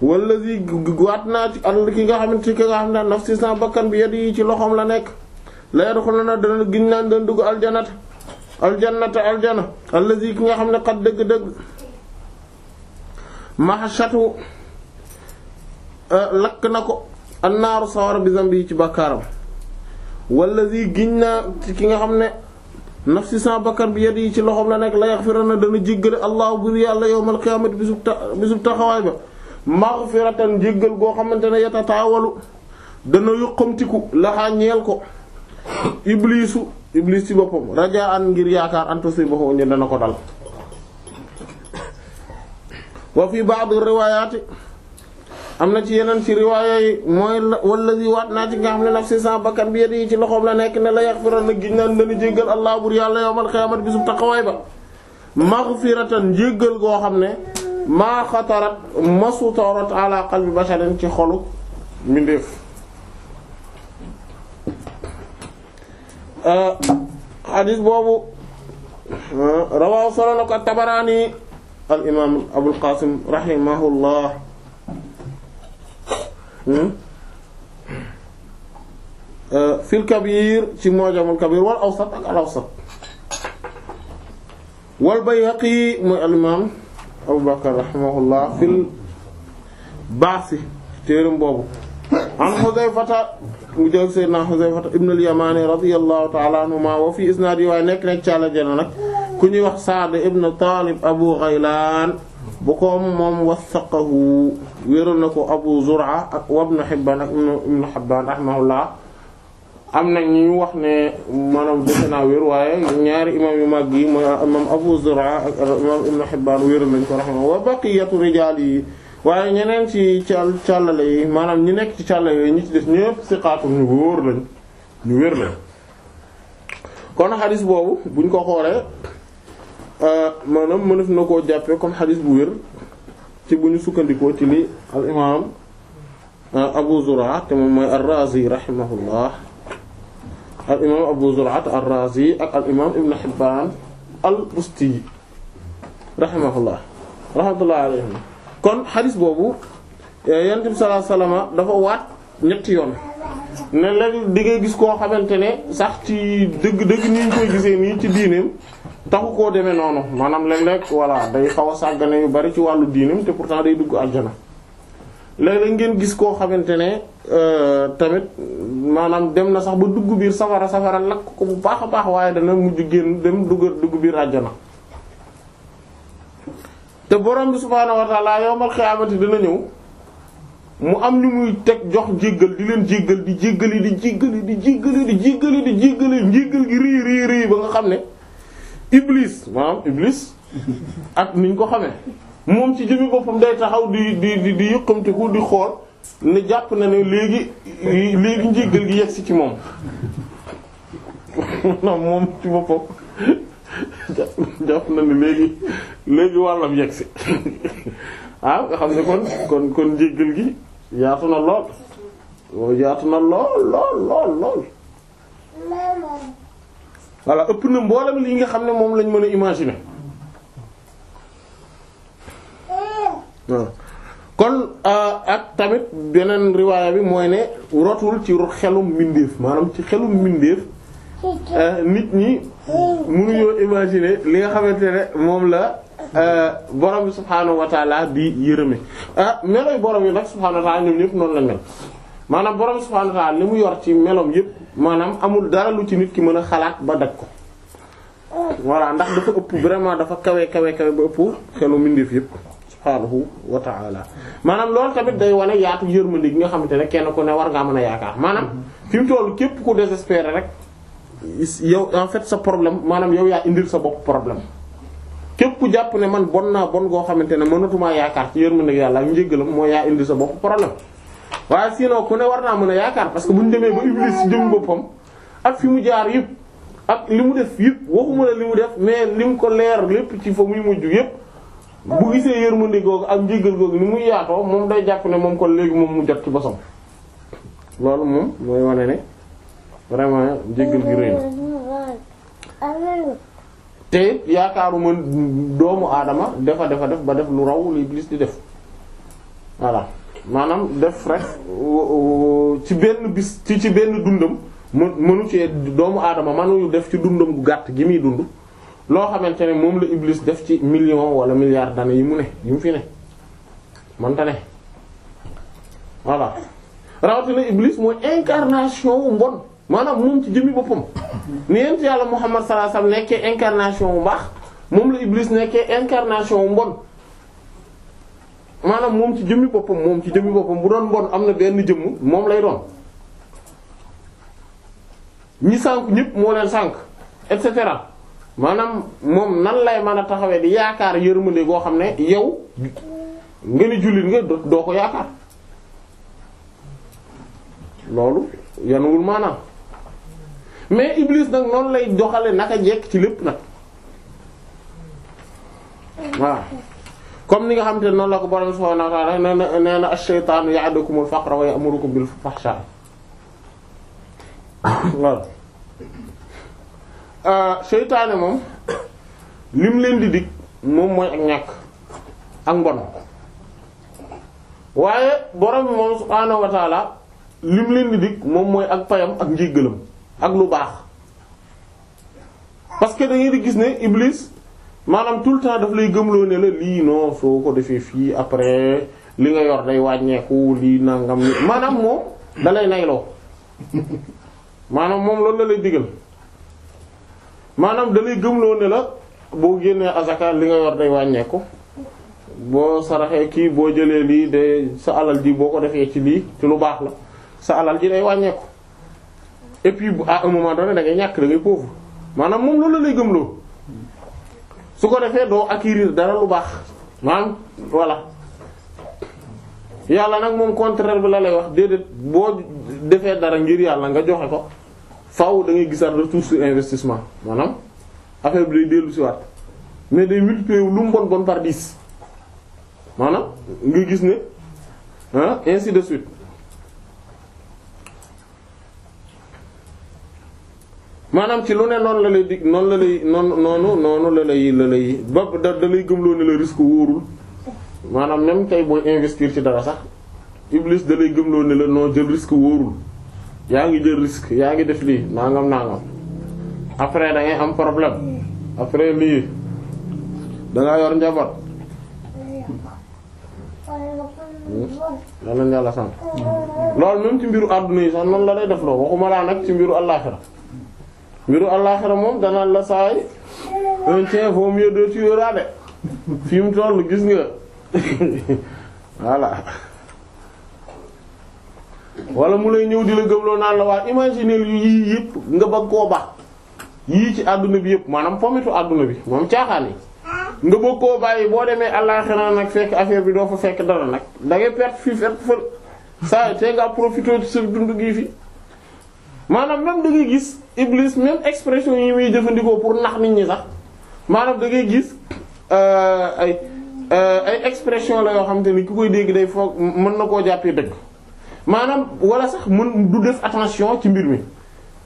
wallazi waat naa ci àll ki nga xamante ki nga xam ne nafsi sa bakkan bi yad yi ci loxoom la nekk la yadxuluna dana giñ naan dana dugg aljanat aljannata aljana ki nga xam ne xat dëgg-dëgg mahashatu eh, lakk na ko annaaru sawara bi yi ci bàkkaaram wallazi giñ naa ki nga xam ne nafsi sa bakkan bi yadi ci loxoom la nekk la yaxfirana dana jéggale allahu bur yàlla yawmal qiyaamati bisub ta bisub taxawaay ba maxfiratan jéggal goo xamante ne yatataawalu dana yuqamtiku laxaa ñeel ko iblisu iblis ci boppam rajaa an ngir yaakaar antusi boxoo ñu dana ko dal wa fi ba'd riwaayaati am na ci yeneen ci riwaaya yi mooy wallazi waat naa ci nga xam ne nafsi sa bakkan bi yadi ci loxoom la nekk ne la yaxfiral na giñ naan dana jéggal allah bur yàlla yawmal qiyaamati bisub taxawaay ba maxfiratan jéggal goo xam ne maa xatarat masu toorat ala qalbi basharin ci xolu mbindeef hadis euh, boobu euh, rawaw solo na ko tabaraani al imaam abul qasim rahimahullah Hmm? Euh, fil kabir ci mu'jamul kabir wal awsat ak al awsat wal bayhaqi mooy al imaam abu fil baasi téeram boobu an xuzayfata mu jël seydna xuzayfata ibn al radiyallahu ta'ala anhuma wa fi isnaadi waaye nekk nekk ci àlla jëna ku ñuy wax saad ibn talib abu ghaylan bu ko moom wasaqahu wéeral na ko Abu Zur'a ak Ibn Hibbaan ak Ibn Hibbaan rahimahullah am na ñu wax ne maanaam defe naa wér waaye ñaari imaam yu mag yi mooy imaam Abu Zur'a ak imaam Ibn wéeral nañ ko rahimahullah wa baqiyatu rijaal yi waaye ñeneen ci càll càllale yi maanaam ñi nekk ci càllale yi ñi def ñëpp siqaatum ñu wóor lañ ñu wér kon xadis boobu buñ ko xoolee euh, maanaam mënef na koo jàppee comme xadis bu wér ci bu ñu sukkandikoo ci li al imaam ah, Abu Zur'a te moom mooy ar-Razi rahimahullah al imaam Abu Zur'a ar-Razi ak al imaam Ibn Hibban al-Busti rahimahullah rahmatullahi alayhim kon xadis boobu eh, Yonent bi sallallahu dafa waat ñetti yoon ne leen di ngay gis koo xamante ne sax ci dëgg dëgg ni ñu koy gisee nii ci diineem taxu koo demee noonu maanaam léeg-léeg voilà day xaw a yu bari ci wàllu diinam te pourtant day dugg aljana léeg-léeg ngeen gis koo xamante ne euh, tamit maanaam dem na sax ba dugg biir safara safara lakk ko bu baax a baax waaye dana mujj génn dem dugg dugg biir aljana te borom bi subhaanahu wa ta'ala yawmal qiyaamati dana ñëw mu am li muy teg jox jéggal di leen jéggal di jéggali di jéggali di jéggali di di jéggali njéggal gi rii rii rii ba nga xam ne iblis maanaam iblis ak niñ ko xamee moom ci jëmi boppam day taxaw di di di di yëkkamtiku di xool ne jàpp na ne léegi léegi njéggal gi yegsi ci moom non moom ci boppam jàpp na ne léegi léegi wàllam yegsi ah nga xam ne kon kon kon njéggal gi yaatu na lool yaatu na lool lool lool lool voilà ëpp na mboolem lii nga xam ne moom lañ mën a imaginer kon euh, ak tamit beneen riwaaya bi mooy ne rotul ci xelum mbindeef maanaam ci xelum mbindeef euh, nit ñi mënuñoo imaginer li nga xamante ne moom la euh, borom bi subhaanahu wa taala di yërëme ah melooy borom yi nag subhaanahu wa taala ñoom ñëpp noonu lañ mel maanaam borom subhaanahu wa li mu yor ci meloom yépp maanaam amul dara lu ci nit ki mën a xalaat ba dag ko voilà ndax dafa ëpp vraiment dafa kawee kawe kawe ba ëpp xelu mbindeef yépp subhaanahu wa ta'aala maanaam loolu tamit day wane yaatu yërmande gi nga xamante ne kenn ku ne war ngaa mën a yaakaar maanaam fi mu toll képp ku désespéré rek yow en fait sa problème maanaam yow yaa indil sa bopp problème képp ku jàpp ne man bon naa bon goo xamante ne mënatumaa yaakaar ci yàlla ak njéggalam indi sa bopp problème waaye sinon ku ne war naa mën a yaakaar parce que bu ñu demee ba Iblis si boppam ak fi mu jaar yëpp ak li mu def yëpp waxuma li mu def mais li mu ko leer lépp ci fa muy mujj yëpp bu gisee yërmande googu ak njéggal googu ni muy yaatoo moom day jàpp ne moom kon léegi moom mu jot ci bosam loolu moom mooy wane ne vraiment njéggal gi rëy na te yaakaaruma doomu aadama defa defa def ba def lu raw li Iblis di def voilà maanaam def rek ci benn bis ci ci benn dundam mu mënu ci doomu aadama mënuñu def ci dundam gu gàtt gi muy dund loo xamante ne moom la Iblis def ci million wala milliard d'années yi mu ne yi mu fi ne mënta ne voilà rawatina Iblis mooy incarnation wu mbon maanaam moom ci jëmmi boppam ni yent yàlla Muhammad sallallahu alayhi wasallam nekkee incarnation wu mbaax moom la Iblis nekkee incarnation wu mbon maanaam moom ci jëmmi boppam moom ci jëmmi boppam bu doon bon am na benn jëmm moom lay doon ñi sànk ñëpp moo leen sànk et cetera maanaam moom nan lay mën a taxawee di yaakaar ma ne goo xam ne yow nga ni jullit nga doo ko yaakaar loolu yanuwul maanaam mais Iblis nag noonu lay doxale naka jekk ci lépp nag waaw comme ni nga xamante ne noonu la ko borom subhaanahu wa ta'aala seytaane euh, moom lim leen di dig moom mooy ak ñàkk ak mbon waaye borom moom subhaanahu wa ta'aala lim leen di dig moom mooy ak payam ak njéggalam ak lu baax parce que di gis ne Iblis. maanaam tout le temps daf lay gëmloo ne la lii non soo ko defee fii après li nga yor day wàññeeku lii nangam maanaam moom da lay nayloo maanaam moom loolu la lay digal maanaam dalay lay gëmloo ne la boo génnee azaka li nga yor day wàññeeku boo saraxee kii boo jëlee lii day sa alal ji boo ko defee ci lii ci lu baax la sa alal ji day wàññeeku et puis à un moment donné da ngay ñàkk da ngay pauvre maanaam moom loolu la lay gëmloo. su ko defee doo acquérir dara lu baax maanaam voilà yàlla nag moom contraire bi la lay wax déedéet boo defee dara ngir yàlla nga joxe ko faw da ngay gisaat retour sur investissement maanaam affaire bi day dellu si waat mais day multiplier lu mu bon bon par dix maanaam nga gis ne ah ainsi de suite. maanaam ci lu ne noonu la lay dig noonu la lay noonu noonu noonu la lay la lay ba da da lay gëmloo ne la risque wóorul maanaam même tey booy investir ci dara sax Iblis da lay gëmloo ne la noo jël risque wóorul yaa ngi jël risque yaa ngi def lii naa nangam après da ngay am problème après lii da yor njaboot. yàlla na yàlla sant loolu même ci mbiru àdduna yi sax noonu la lay def loo waxuma laa nag ci mbiru àllaaxira mbiru àllaaxira moom danaan la saay un tiens vaut mieux deux tueurs de mu toll gis nga voilà wala mu lay ñëw di la gëmloo naan la waa imaginer yii yëpp nga koo baax yii ci àdduna bi yëpp maanaam pomitu àdduna bi moom caaxaan yi nga bëgg koo boo demee àllaaxira nag fekk affaire bi doo fa fekk dara nag da ngay perte fii perte fële saa nga profité ci sa dund gii fi maanaam même da ngay gis iblis même expression yi muy jëfandikoo pour nax nit ñi sax maanaam da ngay gis euh, ay euh, ay expression la yoo xamante ni ki koy dégg day foog mën na koo jàppee dëgg maanaam wala sax mën du def attention ci mbir mi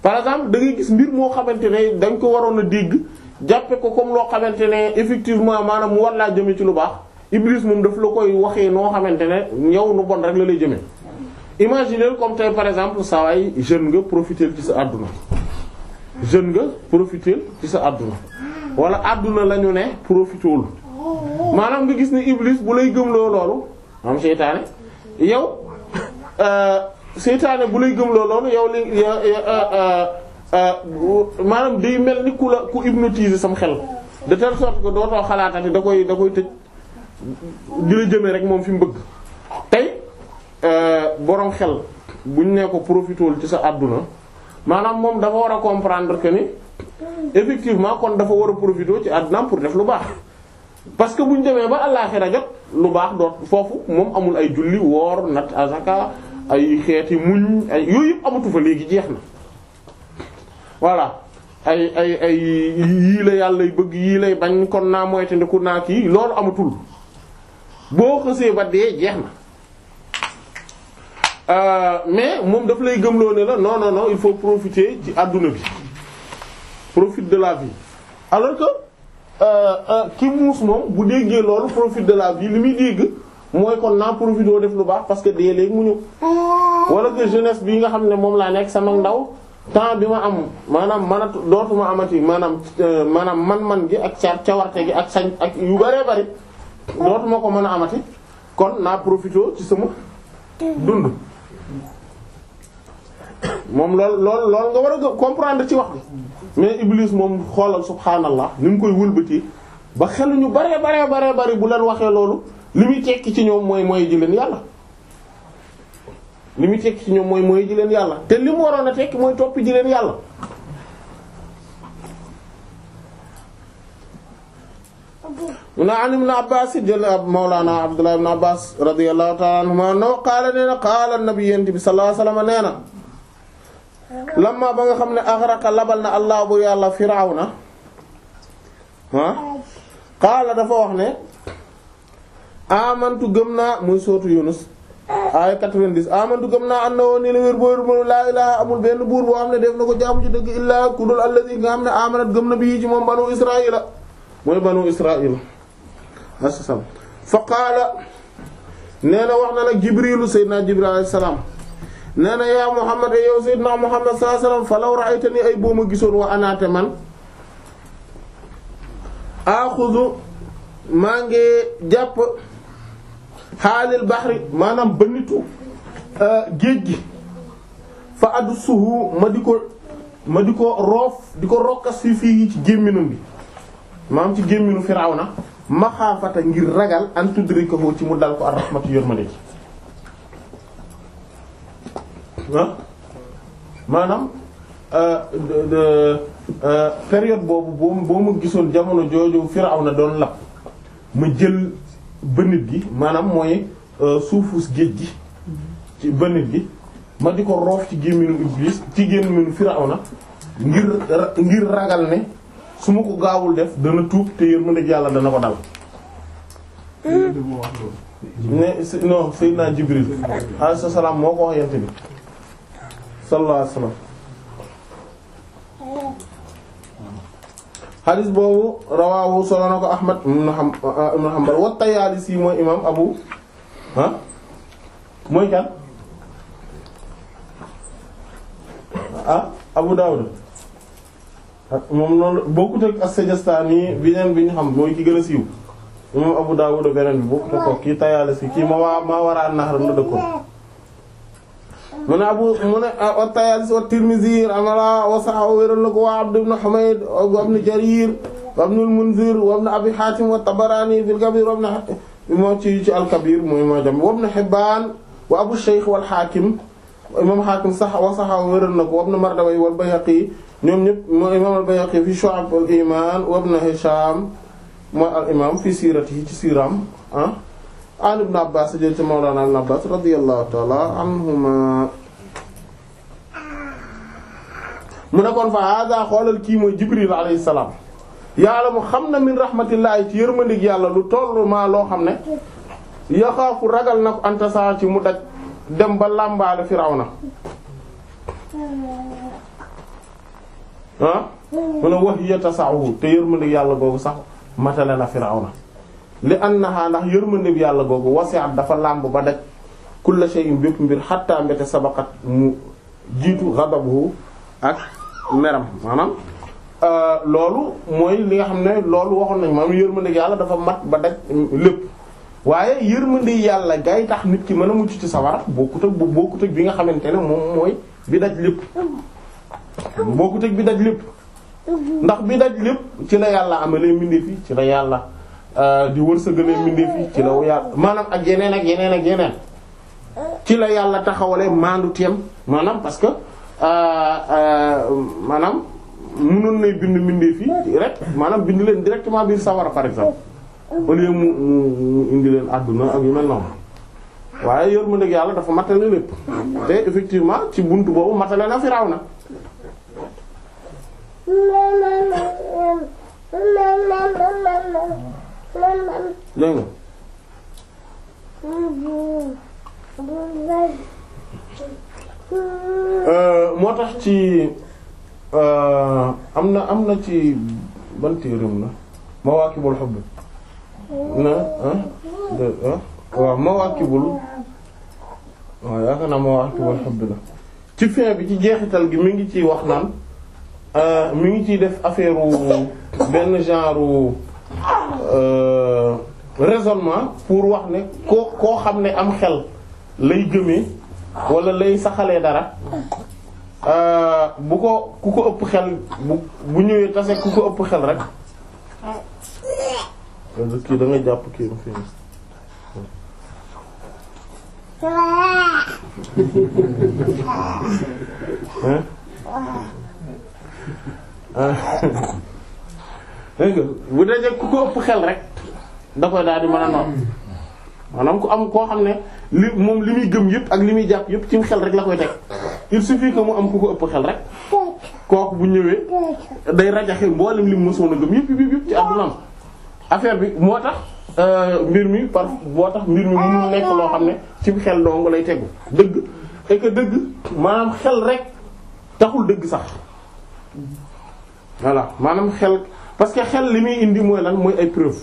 par exemple da ngay gis mbir moo xamante ne dañ ko waroon a dégg jàppe ko comme loo xamante ne effectivement maanaam mu war laa jëme ci lu baax iblis moom daf la koy waxee noo xamante ne yow nu bon rek la lay jëmee imaginez comme tey par exemple saa waay jeune nga profiter ci sa àdduna jeune nga profiter ci sa àdduna wala àdduna la ñu ne profité wul maanaam nga gis ne iblis bu lay gëmloo loolu am seytaane yow euh, seytaane bu lay gëmloo loolu yow euh, euh, maanaam day mel ni ku la ku hypnotiser sam xel de telle sorte que dootoo xalaatati da koy da koy tëj di la jëmee rek moom fi mu bëgg tey. Euh, borom xel buñ ne ko profitool ci sa àdduna maanaam moom dafa war a comprendre que ni effectivement kon dafa war a profitoo ci àdduna pour def lu baax parce que buñ demee ba àllaaxira jot lu baax doot foofu moom amul ay julli woor nat azaka ay xeeti muñ ay yooyu yëpp amatu fa léegi jeex na voilà ay ay ay yii la yàlla bëgg yii lay bañ kon naa moytandiku naa kii loolu amatul boo xësee ba dee jeex na Euh, mais moom daf lay gëmloo ne la non non non il faut profiter ci àdduna bi profit de la vie alors que euh, euh, ki muus moom bu déggee loolu profit de la vie li muy dégg mooy kon naa profite def lu baax parce que dee léegi mu ñëw wala que jeunesse bii nga xam ne moom laa nekk sama ndaw temps bi ma am maanaam manatu dootuma amati maanaam maanaam man-man gi ak ca cawarte gi ak sañ ak yu baree bari dootuma ko mën a amati kon naa profité ci sama dund moom lool lool lool nga war a comprendre ci wax bi mais Iblis moom xoolal subhaanallah ni mu koy wëlbati ba xelu ñu bare bare bare bare bu leen waxee loolu li muy tekki ci ñoom mooy mooy ji leen yàlla li muy tekki ci ñoom mooy mooy ji leen yàlla te li mu waroon a tekki mooy toppi ji leen yàlla mu ne an ibn Abbaas Abdullah ibn Abbaas radiyallahu ta'ala anhuma qaala nee na qaala nabi yent bi sallallahu alayhi wasallam nee na lamma ba nga xam ne axraka labal na allah bu yàlla Firawna ah qaala dafa wax ne amantu gëm naa muy sootu Yunus ay 90 amantu gëm naa and na woon ni la wér booy rubal boo xam ne def na ko jaamu ci dëgg illaa ku dul alladi nga xam ne amanat gëm na bii ci moom banu Israila mooy banu Israël asalaam fa qaala nee na wax na nag Jibrilu Seydina Jibril alayhi salaam nee yaa Muhammad eh, yow Seydina Muhammad sallallahu fa law ra'aytani ay boo ma gisoon wa anaate man axudu maa ngi jàpp xaalil baxri maanaam bënnitu euh, géej gi fa addu suhu ma di ko ma di ko roof di ko rokkas fii fii ci gémminam bi maam ci gémminu na maxaafata ngir ragal an tudrikahu ci mu dal ko ar rahmatu yërmande maanaam euh, euh, période boobu boo ma gisoon jamono jooju na doon lab ma jël bënit gi maanaam mooy euh, suufus géej gi ci bënit gi ma di ko roof ci gémminu Iblis ci gémminu Firawna ngir ngir ragal ne su ma ko gaawul def dana tuub te yërmandeeg yàlla dana ko dal. ne non Seydina Jibril alayhi salaam moo ko yent bi sallallahu boobu rawaahu solo na ko Ahmad ibn uh, Hanbal wa Tayaalisi mooy imam Abu mooy kan ah Abu Dawud ak moom noonu bokkut ak as-Sijistaani beneen bi ñu xam mooy ki gën a siiw imam Abu Dawud beneen bi bokkut ak ko kii tayaale si kii ma waa maa waraa naxar la dëkkoon mu ne abu mu ne at-Tayaalisi ah, wa Tirmizi amala wa saxa wéral na ko waa Abd ibn Humayd wa ibn Jarir wa ibn al-Munzir wa ibn Abi Hatim wa Tabarani fil Kabir wa ibn moo ci ci al-Kabir mooy moo jam wa ibn Hibbaan wa Abu Shaykh wal Hakim imam Hakim sax wa saxa wéral na ko wa ibn Mardawayh wal Bayhaqi ñoom ñëpp mooy imaam al-Bayhaqi fi Shu'ab al-Iman wa Ibn Hisham mooy al imam fi siiratihi ci siiraam ah an Ibn Abbas jël ci Mawlana Ibn Abbas radiyallahu ta'ala anhuma mu nekkoon fa hada xoolal kii mooy Jibril alayhi salaam yàlla mu xam na min rahmatillahi ci yërmandik yàlla lu tollu maa loo xam ne yaxaafu ragal na ko anta ci mu daj dem ba làmbaale Firawna ah mu ne wax ya tasaawu te yërmande yàlla googu sax matale na Firawna li annaha ndax yërmande bi yàlla googu wasi'at dafa làmb ba daj kulla shay'in bépp mbir xatta mbete sabakat mu jiitu ghadabuhu ak meram maanaam euh, loolu mooy li nga xam ne loolu waxoon nañ maanaam yërmande yàlla dafa mat ba daj lépp waaye yërmande yàlla gay tax nit ki mën a mucc ci sawara bokkut ak bokkut ak bi nga xamante ne moom mooy bi daj lépp bokkut ak bi daj lépp ndax bi daj lépp ci la yàlla amalee mbindeef yi ci la yàlla euh, di wërsëgalee mbindeef yi ci la yàlla maanaam ak yeneen ak yeneen ak yeneen ci la yàlla taxawale maandu teem maanaam parce que euh, euh, maanaam mënoon nay bind mbindeef yi rek maanaam bind leen directement biir a par exemple au lieu mu mu indi leen àdduna ak yu mel noonu waaye yërmandeeg yàlla dafa matale lépp te effectivement ci bunt boobu matale na fi na dégg euh, moo tax ci euh, am na am na ci ban téereem la Mawaakibul Hubb na ah, ah, waaw Mawaakibul waaw yaakaar naa Mawaakibul Hubb la ci fin bi ci jeexital gi mu ngi ci wax naan. Euh, mi ngi ci def affaire benn genre euh, raisonnement pour wax ne koo koo xam ne am xel lay gëmee wala lay saxalee dara euh, bu ko ku ko ëpp xel bu bu ñëwee tase ku ko ëpp xel rek. kii da nga jàpp kii ma fi hein Ah. dégg nga bu dajee ku ko ëpp xel rek da koy daal di mën a noot maanaam ku am koo xam ne li moom li muy gëm yëpp ak li muy jàpp yëpp ci xel rek la koy teg il suffit ko mu am ku ko ëpp xel rek kooku bu ñëwee day rajaxe mboolem li mu mësoon a gëm yëpp yëpp yëpp ci àddunaam affaire bi moo tax euh, mbir mi par moo tax mi mënul nekk loo xam ne ci xel dong lay tegu dëgg et que dëgg maanaam xel rek taxul dëgg sax. voilà maanaam xel parce que xel li muy indi mooy lan mooy ay preuve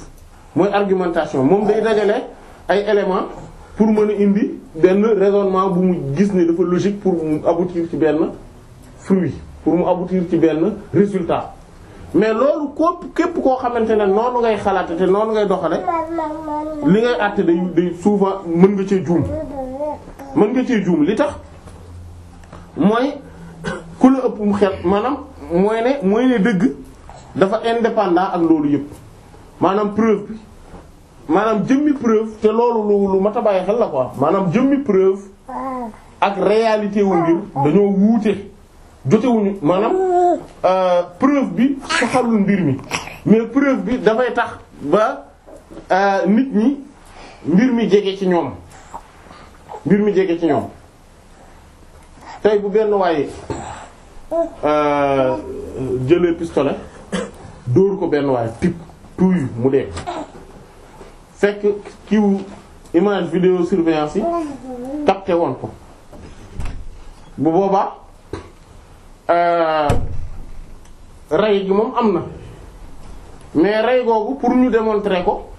mooy argumentation moom day dajale ay élément pour mën a indi benn raisonnement bu mu gis ne dafa logique pour mu aboutir ci benn fruit pour mu aboutir ci benn résultat mais loolu képp képp koo xamante ne noonu ngay xalaate te noonu ngay doxale li ngay àtte day day souvent mën nga cee juum mën nga cee juum li tax mooy ku la ëpp mu xel maanaam mooy ne mooy ne dëgg dafa indépendant ak loolu yëpp maanaam preuve bi maanaam jëmmi preuve te loolu lu lu mat a bàyyi xel la ko maanaam jëmmi preuve ak réalité wu dañoo wuute jotewuñu maanaam euh, preuve bi saxalul mbir mi mais preuve bi dafay tax ba euh, nit ñi mbir mi jege ci ñoom mbir mi jege ci ñoom tey bu benn waaye Euh, jëlee pistolet dóor ko benn waay tip tuuy mu dee fekk kiw image vidéo surveillance yi capté woon ko bu booba euh, rey gi moom am na mais rey googu pour ñu démontrer ko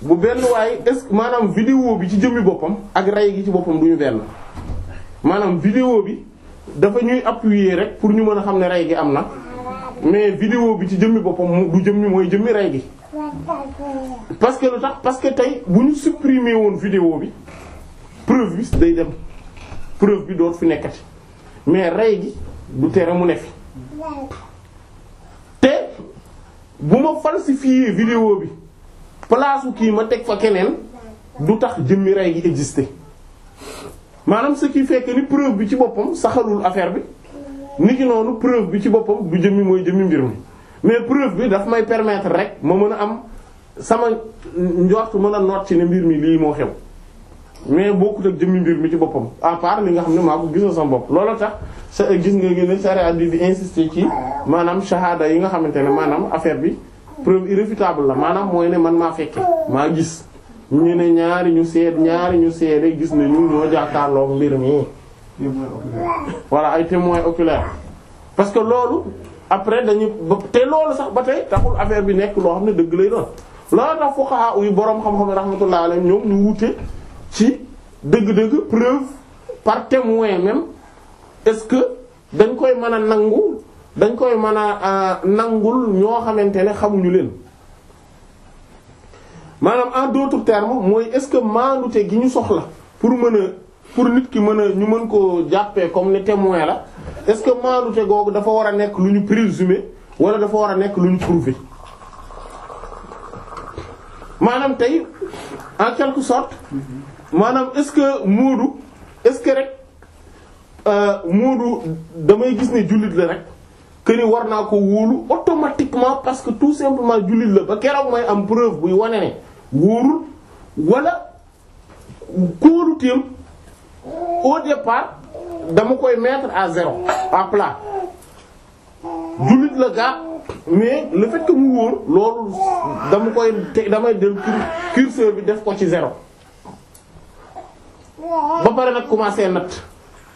bu benn waaye est maanaam vidéo bi ci jëmmi boppam ak rey gi ci boppam duñu benn maanaam vidéo bi dafa ñuy appuyer rek pour ñu mën a xam ne rey gi am na mais vidéo bi ci jëmmi boppam du jëmmi mooy jëmmi rey gi parce que lu tax parce que tey bu ñu supprimer woon vidéo bi preuve bi day dem preuve bi doot fi nekkati mais rey gi du tere mu ne fi te bu ma falsifier vidéo bi place kii ma teg fa keneen du tax jëmmi rey gi exister maanaam ce qui fait ni preuve bi ci boppam saxalul affaire bi ni ki noonu preuve bi ci boppam du jëmmi mooy jëmmi mbir mi mais preuve bi dafa may permettre rek ma mën a am sama njort mën a noot ci ne mbir mi lii moo xew mais bokkut ak jëmmi mbir mi ci boppam à li nga xam ne maa ko gisal sama bopp loolu tax sa gis nga gën a sariya bi di insister ci maanaam shahada yi nga xamante ne maanaam affaire bi preuve irréfutable la maanaam mooy ne man maa fekke maa gis ñu ne ñaari ñu seet ñaari ñu seede gis ne ñun ñoo jàkkaarloog mbir mi voilà ay témoin oculaire parce que loolu après dañu te loolu sax ba tey taxul affaire bi nekk loo xam ne dëgg lay doon loolu tax fuqaha yu boroom xam-xam ne rahmatullah alayhim ñoom ñu wute ci dëgg-dëgg preuve par témoin même est-ce que dañ koy mën a nangu dañ koy mën a euh, nangul ñoo xamante ne xamuñu leen maanaam en d'autres termes mooy est-ce que maandute gi ñu soxla pour mën a pour nit ki mën a ñu mën koo jàppee comme ne témoin la est-ce que maandute googu dafa war a nekk lu ñu présumer wala dafa war a nekk lu ñu prouver maanaam tey en quelque sorte maanaam est-ce que Moodu est-ce que rek euh, Moodu damay gis ne jullit la rek. que war naa ko wóolu automatiquement parce que tout simplement jullit la ba keroog mooy am preuve buy wane ne wóorul wala kóoruteem au départ dama koy metre à zéro à plat jullit la gaa mais le fait mu wóor loolu dama koy te damay jël curseur bi def ko ci zéro ba pare nag commencer natt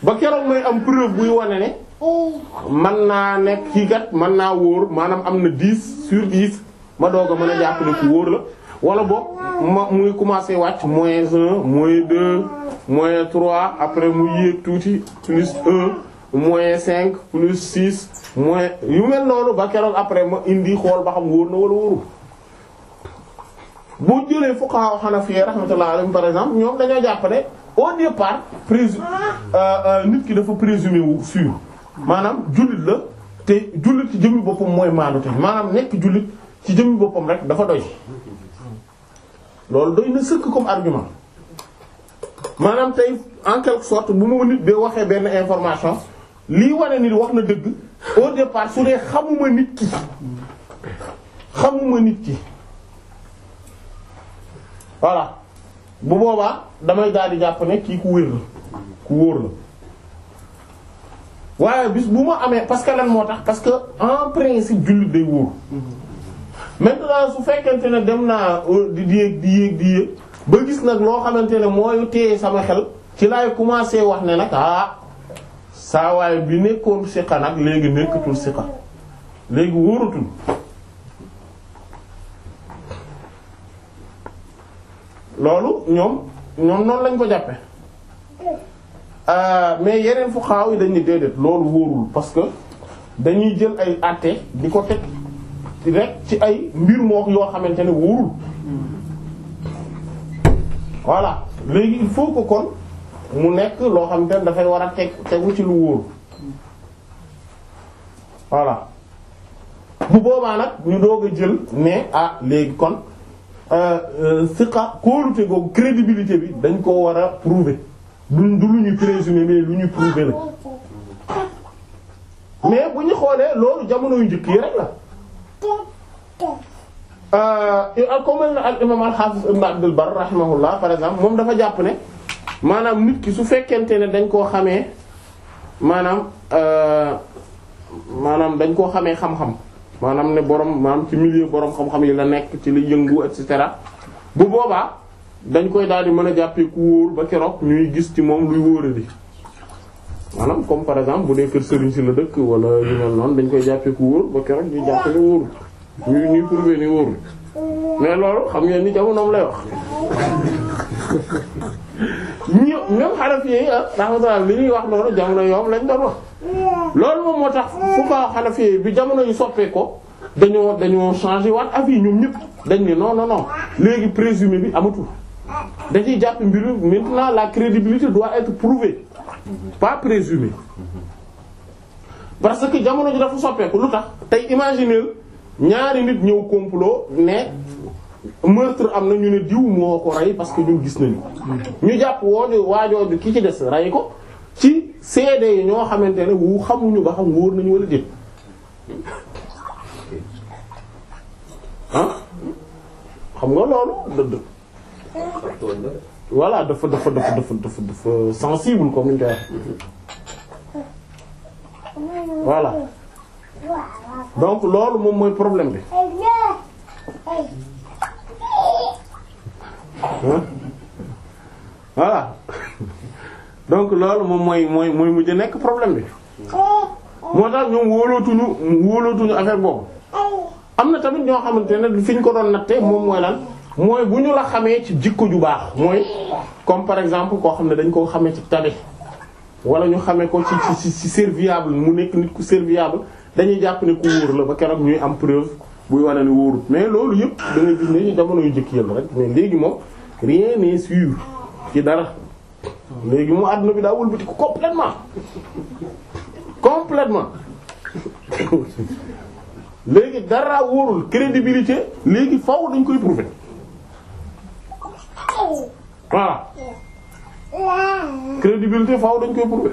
ba keroog mooy am preuve buy wane ne. man naa nekk kii kat man naa wóor maanaam am na dix sur dix ma doog a mën a jàpp ne ku wóor la wala boog muy commencé wàcc moins un moins deux moins trois après mu yéeg tuuti plus un moins cinq plus six moins yu mel noonu ba keroog après ma indi xool ba xam wóor na wala wóoru boo jëlee fuqaha hanafi rahmatullah alayhim par exemple ñoom dañoo jàpp ne au départ présu euh, euh, nit ki dafa présumer wu sûr maanaam jullit la te jullit ci jëmmi boppam mooy maandu te maanaam nekk jullit ci jëmmi boppam rek dafa doy loolu doy na sëkk comme argument maanaam tey en quelque sorte bu ma nit bee waxee benn information lii wane ni wax na dëgg de départ su dee xamuma nit ki xamuma nit ki voilà bu boobaa damay daal di jàpp ne kii ku wér la ku wóor la waaye bis bu ma amee parce que lan moo tax parce que en principe jullit day wóor maintenant su fekkente ne dem naa euh, di yéeg di yéeg ba gis nag loo xamante ne mooy téye sama xel ci lay commencé wax ne nag ah saa waay bi nekkoon siqa nag léegi nekkatul siqa léegi wóoratul loolu ñoom ñoom noonu lañ ko jàppe Euh, mais yeneen fu xaw yi dañ ne déedéet loolu wóorul parce que dañuy jël ay àtte di ko teg rek ci ay mbir moo yoo xamante ne wóorul voilà léegi il faut que kon mu nekk loo xam ne dafay war a teg tegu ci lu wóor voilà bu boobaa nag ñu doog a jël ne ah léegi kon euh, euh, siqa kóolute googu crédibilité bi dañ ko war a prouver duñ du lu ñu présumer mais lu ñu prouver la mais bu ñu xoolee loolu jamono yu njëkk yi rek la. al euh, ko mel na al imam al hafiz abdul bar rahimahullah par exemple moom dafa jàpp ne maanaam nit ki su fekkente ne dañ koo xamee maanaam euh, maanaam dañ koo xamee xam-xam maanaam ne borom maanaam ci milieu borom xam-xam yi la nekk ci li yëngu et cetera bu boobaa. dañ koy daal di mën a jàppee ku wóor ba keroog ñuy gis ci moom luy wóoradi maanaam comme par exemple bu dee kër sëriñ si la dëkk wala yu mel noonu dañ koy jàppee ku ba keroog ñuy jàpp ne wóorul ñuy ñuy mais loolu xam ngeen ni jamonoom lay wax. ñi même xanafi yi ah, rahmatullah li ñuy wax loolu jamono yoom lañ doon wax loolu moom moo tax fu kaaw bi jamono yu soppee ko dañoo dañoo changé waat avis ñoom ñëpp dañ ne non léegi présumé bi amatul. dañuy jàpp mbiru maintenant la crédibilité doit être prouvée pas présumée parce que jamono ji dafa soppeeku lu tax tey imaginer ñaari nit ñëw complot ne meurtre am na ñu ne diw moo ko rey parce que ñun gis nañu ñu jàpp woo wooju waajooju ki ci des rey ko ci seede ñoo xamante ne wu xamuñu ba xam wóor nañu walla déet ah xam nga loolu voilà dafa dafa dafa dafa dafa dafa sensible comme ni ñu koy waxee donc loolu moom mooy problème bi. donc loolu moom mooy mooy mooy mujj nekk problème bi moo tax ñoom wóolootuñu wóolootuñu affaire boobu am na tamit ñoo xamante ne fi ñu ko doon nattee moom mooy lan. mooy bu ñu la xamee ci jikko ju baax mooy comme par exemple koo xam ne dañ koo xamee ci tabe wala ñu xamee ko ci ci serviable mu nekk nit ku serviable dañuy jàpp ne ku wóor la ba keroog ñuy am preuve buy wane ne wóorut mais loolu yëpp da ngay gis ne ci jamono yu jëkk yël rek mais léegi moom rien n'est sûr ci dara léegi mu àdduna bi daa wëlbati ko complètement complètement léegi dara wóorul crédibilité léegi faw dañ koy prouver voilà crédibilité faaw dañ koy prouver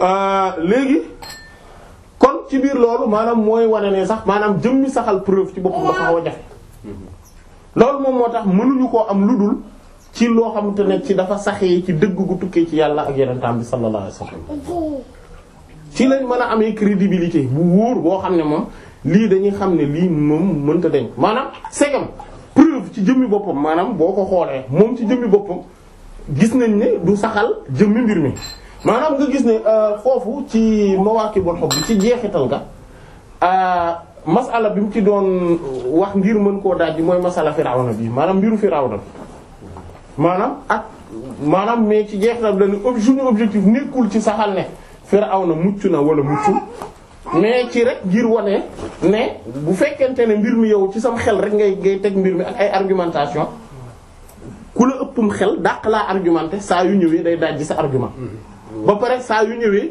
euh, léegi kon ci biir loolu maanaam mooy wane ne sax maanaam jëmmi saxal preuve ci boppam dafa xaw loolu moom moo tax mënuñu koo am lu dul ci loo xamante ne ci dafa saxe ci dëgg gu tukkee ci yàlla ak yonentam bi sallallahu alayhi wasallam ci lañ mën a amee crédibilité bu wóor boo xam ne moom lii dañuy xam ne lii moom mënta dañ maanaam segam ci jëmmi boppam maanaam boo ko xoolee moom ci jëmmi boppam gis nañ ni du saxal jëmmi mbir mi maanaam nga gis ne euh, foofu ci mawaaqibul hubb bi ci jeexital ga euh, masala bi mu ci doon wax ngir mën koo daaj bi mooy masala na bi maanaam mbiru na maanaam ak maanaam mais ci jeexital bi dañu suñu objectif nekkul ci saxal ne firawna mucc na wala muccul mais ci rek ngir wane ne bu fekkente ne mbir mi yow ci sam xel rek ngay ngay teg mbir mi ak ay argumentation ku la ëppum xel dàq laa argumenté saa yu ñëwee day dajji sa argument mm-hmm. ba pare saa yu ñëwee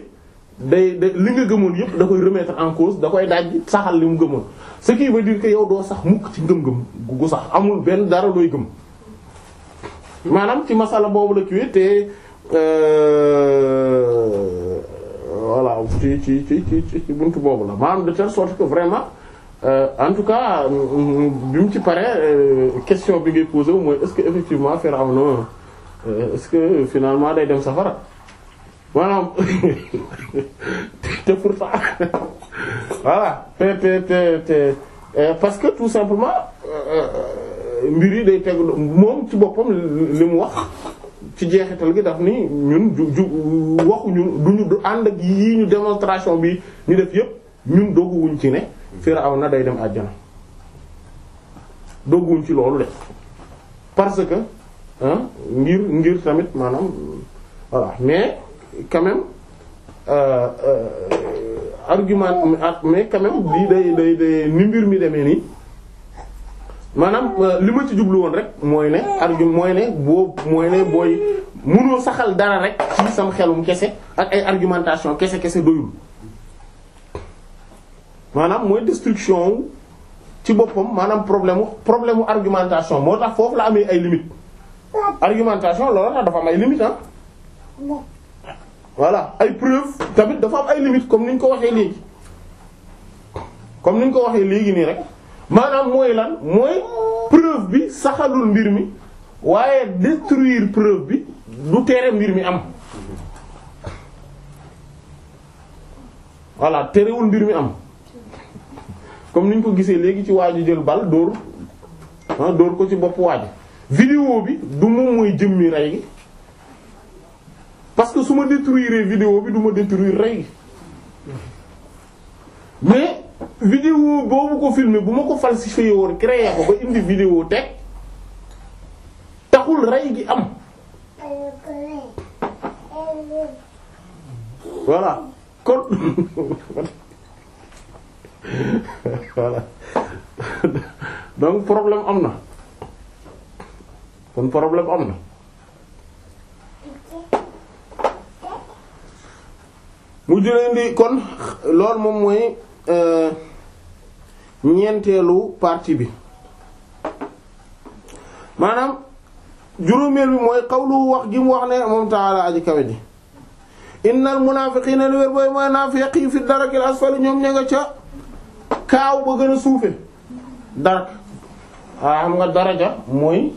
day da li nga gëmoon yëpp da koy remettre en cause da koy dajji saxal li mu gëmoon ce qui veut dire que yow doo sax mukk ci ngëm-ngëm gu sax amul benn dara looy gëm maanaam ci masala boobu la kiiwee te euh, voilà ci ci ci ci ci buntu boobu la maanaam de telle sorte que vraiment euh, en tout cas mm, bi mu ci paree euh, question bi ngay posé wu mooy est-ce que effectivement Firawna euh, est-ce que finalement day dem safara maanaam te pourtant voilà te te te te parce que tout simplement mbir yi day teg moom ci boppam li mu wax. ci jeexital gi daf ni ñun ju ju waxuñu duñu du ànd ak yii ñu démonstration bi ñu def yépp ñun dogguwuñ ci ne na day dem àjjana dogguwuñ ci loolu de parce que ngir ngir tamit maanaam voilà mais quand même euh, euh, argument mais quand même bii day day day ni mbir mi demee nii maanaam euh, li ma ci jublu woon rek mooy ne argument mooy ne boo mooy ne booy mënoo saxal dara rek ci sam xelum kese ak ay argumentation kese kese doyul maanaam mooy destruction wu ci boppam maanaam problème problème argumentation moo tax foofu la amee ay limites argumentation loolu tax dafa am ay limites ah voilà ay preuves tamit dafa am ay limites comme ni ñu ko waxee léegi comme ni ñu ko waxee léegi nii rek maanaam mooy lan mooy preuve bi saxalul mbir mi waaye détruire preuve bi du tere mbir mi am voilà terewul mbir mi am comme niñ ko gisee léegi ci waaju jël bal dóor ah dóor ko ci bopp waaju vidéo bi du moom mooy jëmmi rey gi parce que su ma détruire vidéo bi du ma rey mais vidéo boobu ko filmer bu ma ko falsifié woon créé ko ba indi vidéo teg taxul rey gi am voilà kon voilà donc problème am na kon problème am na mu jëlee ndi kon loolu moom mooy Euh, ñeenteelu partie bi maanaam juróomeel bi mooy xawlu wax gi mu wax ne moom taala aji kawe ji innal munaafiqiina li wér booy mooy naafiq yi fi darakil asfali ñoom ña nga ca kaaw ba gën a suufe darak waa xam nga daraja mooy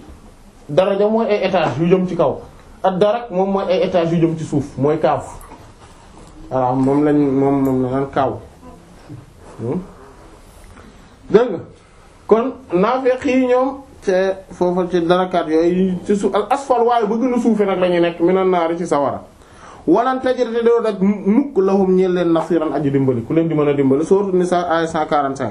daraja mooy ay étage yu jëm ci kaw ak darak moom mooy ay étage yu jëm ci suuf mooy kaaw waaw moom lañ moom moom la naan kaaw Hmm? dégg nga kon naafeq yi ñoom te foofa ci darakaat yooyu ci suuf al asfal waaye ba gën a suufe nag la ñu nekk mi na naari ci sawara walan tajrite doo dak mukk lahum ñeen leen nasiran aji dimbali ku leen di mën a dimbali sourate Nisaa aaya 145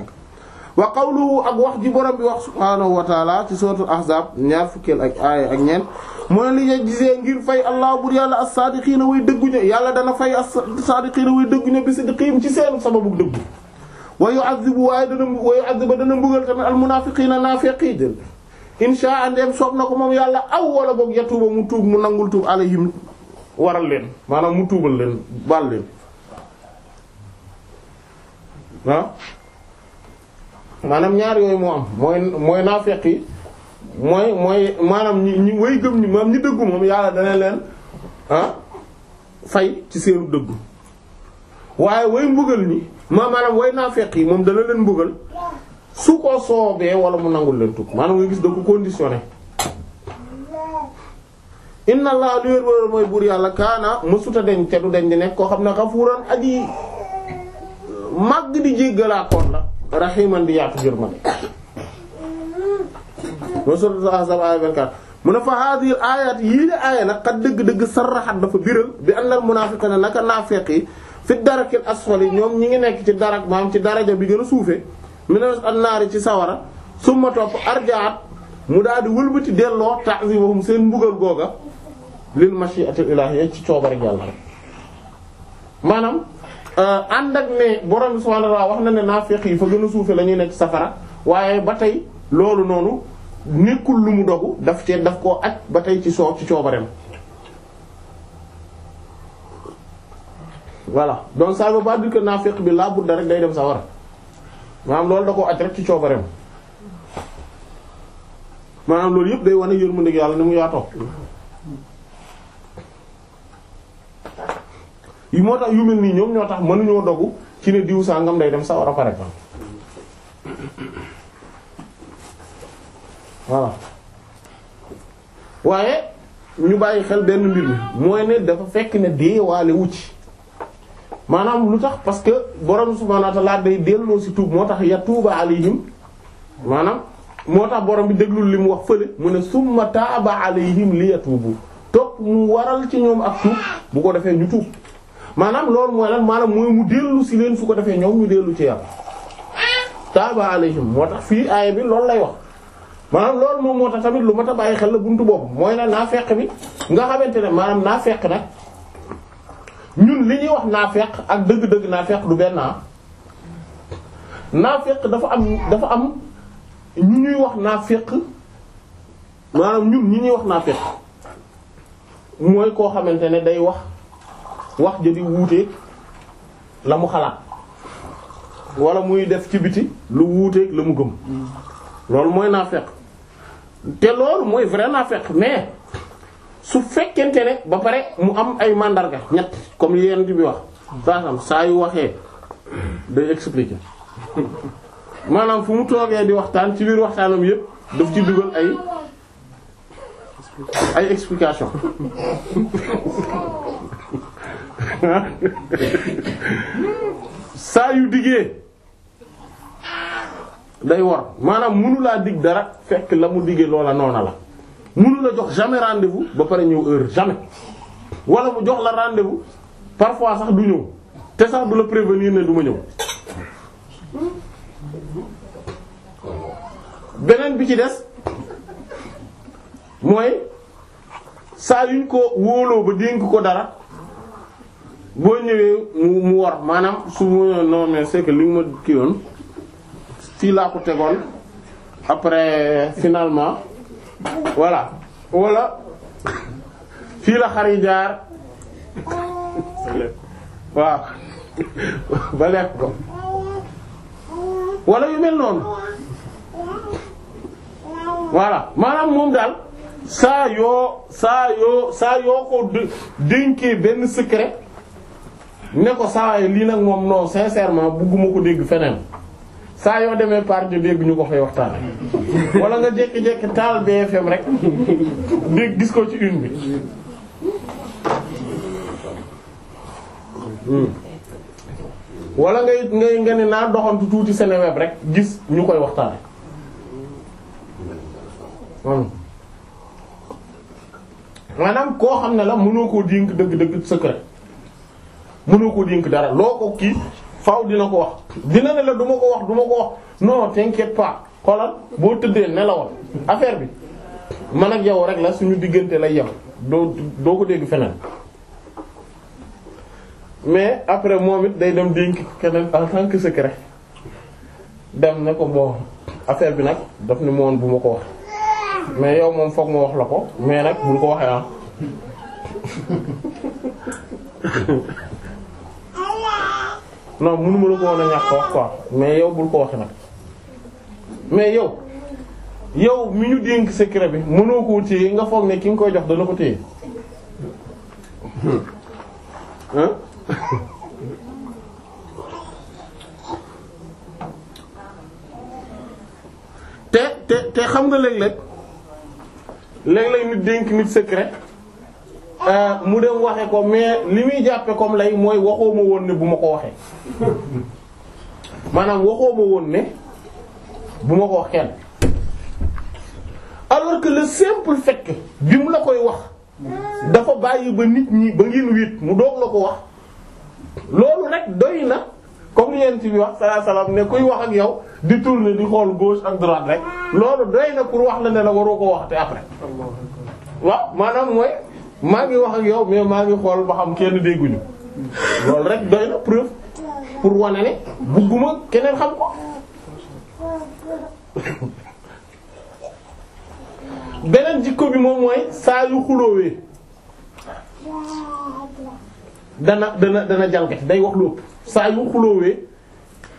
wa qawluhu ak wax ji borom bi wax subhaanahu wa taala ci sourate ahzab ñaar fukkeel ak aaya ak ñeent mu ne li nga gisee ngir fay allah bur yàlla as-saadiqiina way dëgguñu yàlla dana fay as-saadiqiina way dëgguñu bi sidqihim ci seenu sababu dëggu wa yu'adhibu waaye dana wa yu'adhibu dana mbugal tamit al munaafiqiina naafeqi jël insha andem soob na ko moom yàlla aw wala boog yatuuba mu tuub mu nangul tuub alayhim waral leen maanaam mu tuubal leen baal leen ah maanaam ñaar yooyu moo mooy mooy naafeq mooy mooy maanaam ñi ñi way gëm ñi maanaam ñi dëggu moom yàlla dana leen ah, fay ci seenu dëggu waaye way mbugal ñi ma maanaam way naa fekk yi moom dana leen mbugal su ko soobee wala mu nangul leen tuub maanaam nga gis da ko conditionné inna allah lu wér mooy buur yàlla kaana koo xam ne màgg di jéggalaakoon la raximan di yaatu jërmane moo suratul ahzab mu ne fa haadihil ayat yii la aaya nag xat dëgg-dëgg sarraxat dafa biral bi annal munaafiqiina naka naafeq yi fi darakil asfali ñoom ñi ngi nekk ci darak maam ci daraja bi gën a suufee minas annaari ci sawara summa topp arjaat mu daal di wëlbati delloo ta'zimahum seen mbugal googa lil at ilahiyya ci coobar yàlla rek maanaam euh, ànd ak ne borom bi subhanahu wax na ne naafiq yi fa gën a suufe la ñuy nekk safara waaye ba tey loolu noonu nekkul lu mu dogu daf cee daf koo aj ba tey ci soo ci coobareem voilà donc ça baa pas dire que naafiq bi laa budda rek day dem sawara maanaam loolu da ko aj rek ci coobareem maanaam loolu yëpp day wane yërmandeeg yàlla ni mu yaatoo yi moo tax yu mel nii ñoom ñoo tax mënuñoo dogu ci ne diw sangam day dem sawara par exemple voilà waaye ñu bàyyi xel benn mbir mi mooy ne dafa fekk ne deewaale wu ci maanaam lu tax parce que borom subhaanahu wa ta'aala day delloo si tuub moo tax yatuuba alayhim maanaam moo tax borom bi déglul li mu wax fële mu ne summa taaba alayhim liyatuubu topp mu waral ci ñoom ak tuub bu ko defee ñu tuub maanaam loolu mooy lan maanaam mooy mu dellu si leen fu ko defee ñoom ñu dellu ci yàlla taaba alayhim moo tax fii aaya bi loolu lay wax maanaam loolu moom moo tax tamit lu ma a bàyyi xel la buntu boobu mooy la naa feq bi nga xamante ne maanaam naa feq nag ñun li ñuy wax naafeq ak dëgg-dëgg naafeq du benn ah. naafeq dafa am dafa am ñu ñuy wax naafeq maanaam ñun ñi ñuy wax naafeq mooy koo xamante ne day wax wax ja di wuute la mu xalaat wala muy def ci biti lu wuuteeg la mu gëm mm. loolu mooy naafeq te loolu mooy vrai naafeq mais su fekkente ne ba pare mu am ay màndarga ñett comme yenn bi wax saasam saa yu waxee day expliquer maanaam fu mu toogee di waxtaan ci biir waxtaanam yépp daf ci dugal ay ay explication saa yu diggee day war maanaam mënulaa digg dara fekk la mu diggee loola noona la mënu la jox jamais rendez ba pare ñëw heure jamais wala mu jox la rendez-vous parfois sax du ñëw te sax du la prévenir ne du ma ñëw. beneen bi ci des mooy saa yuñ ko wóoloo ba dénk ko dara boo ñëwee mu mu war maanaam su ma non mais c'est li ma kii woon fii laa ko tegoon après finalement. voilà wala fii la xar yi jaar waaw ba lekk ko wala yu mel noonu voilà maanaam moom daal saa yoo saa yoo saa yoo ko dénkee benn secret ne ko saa yi lii nag moom non sincèrement bugguma ko dégg feneen saa yoo demee par jo dégg ñu ko koy waxtaan wala nga jékki-jékki taal BFM rek dégg gis koo ci une bi hmm. wala ngay nga ne naa doxantu tuuti Seneweb rek gis ñu koy waxtaane hmm. maanaam koo xam ne la mënoo koo dénk dëgg-dëgg secret mënoo koo dénk dara loo ko kii faaw dina ko wax dina ne la du ma ko wax du ma ko wax non t'inquiète pas xoolal boo tëddee nelawal affaire bi man ak yow rek la suñu diggante lay yem doo doo ko dégg feneen mais après moom it day dem dénk keneen en tant dem ne ko bon affaire bi nag daf ne moon bu ma ko wax mais yow moom foog ma wax la ko mais nag bul ko waxee ah non mënuma la ko a ñàkk wax mais yow bul ko waxee nag mais yow yow mi ñu dénk secret bi mënoo koo téye nga foog ne ki nga koy jox dana ko téye hein te te xam nga léeg-léeg léeg-léeg nit dénk nit secret Euh, mu dem waxe ko mais li muy jàppe comme lay mooy waxoo ma woon ne bu ma ko waxee maanaam waxoo ma woon ne bu ma ko wax kenn alors que le simple fait bi mu la koy wax dafa bàyyi ba nit ñi ba ngeen wéet mu doog la ko wax loolu rek doy na comme ni yéen bi wax salaa salaam ne kuy wax ak yow di tourner di xool gauche ak droite rek loolu doy na pour wax la ne la waroo ko wax te après waaw maanaam mooy. maa ngi wax ak yow mais maa ngi xool ba xam kenn dégguñu loolu rek doy na preuve pour wane ne bugguma keneen xam ko beneen jikko bi moom mooy saa yu xuloowee dana dana dana jalgati day wax lu ëpp saa yu xuloowee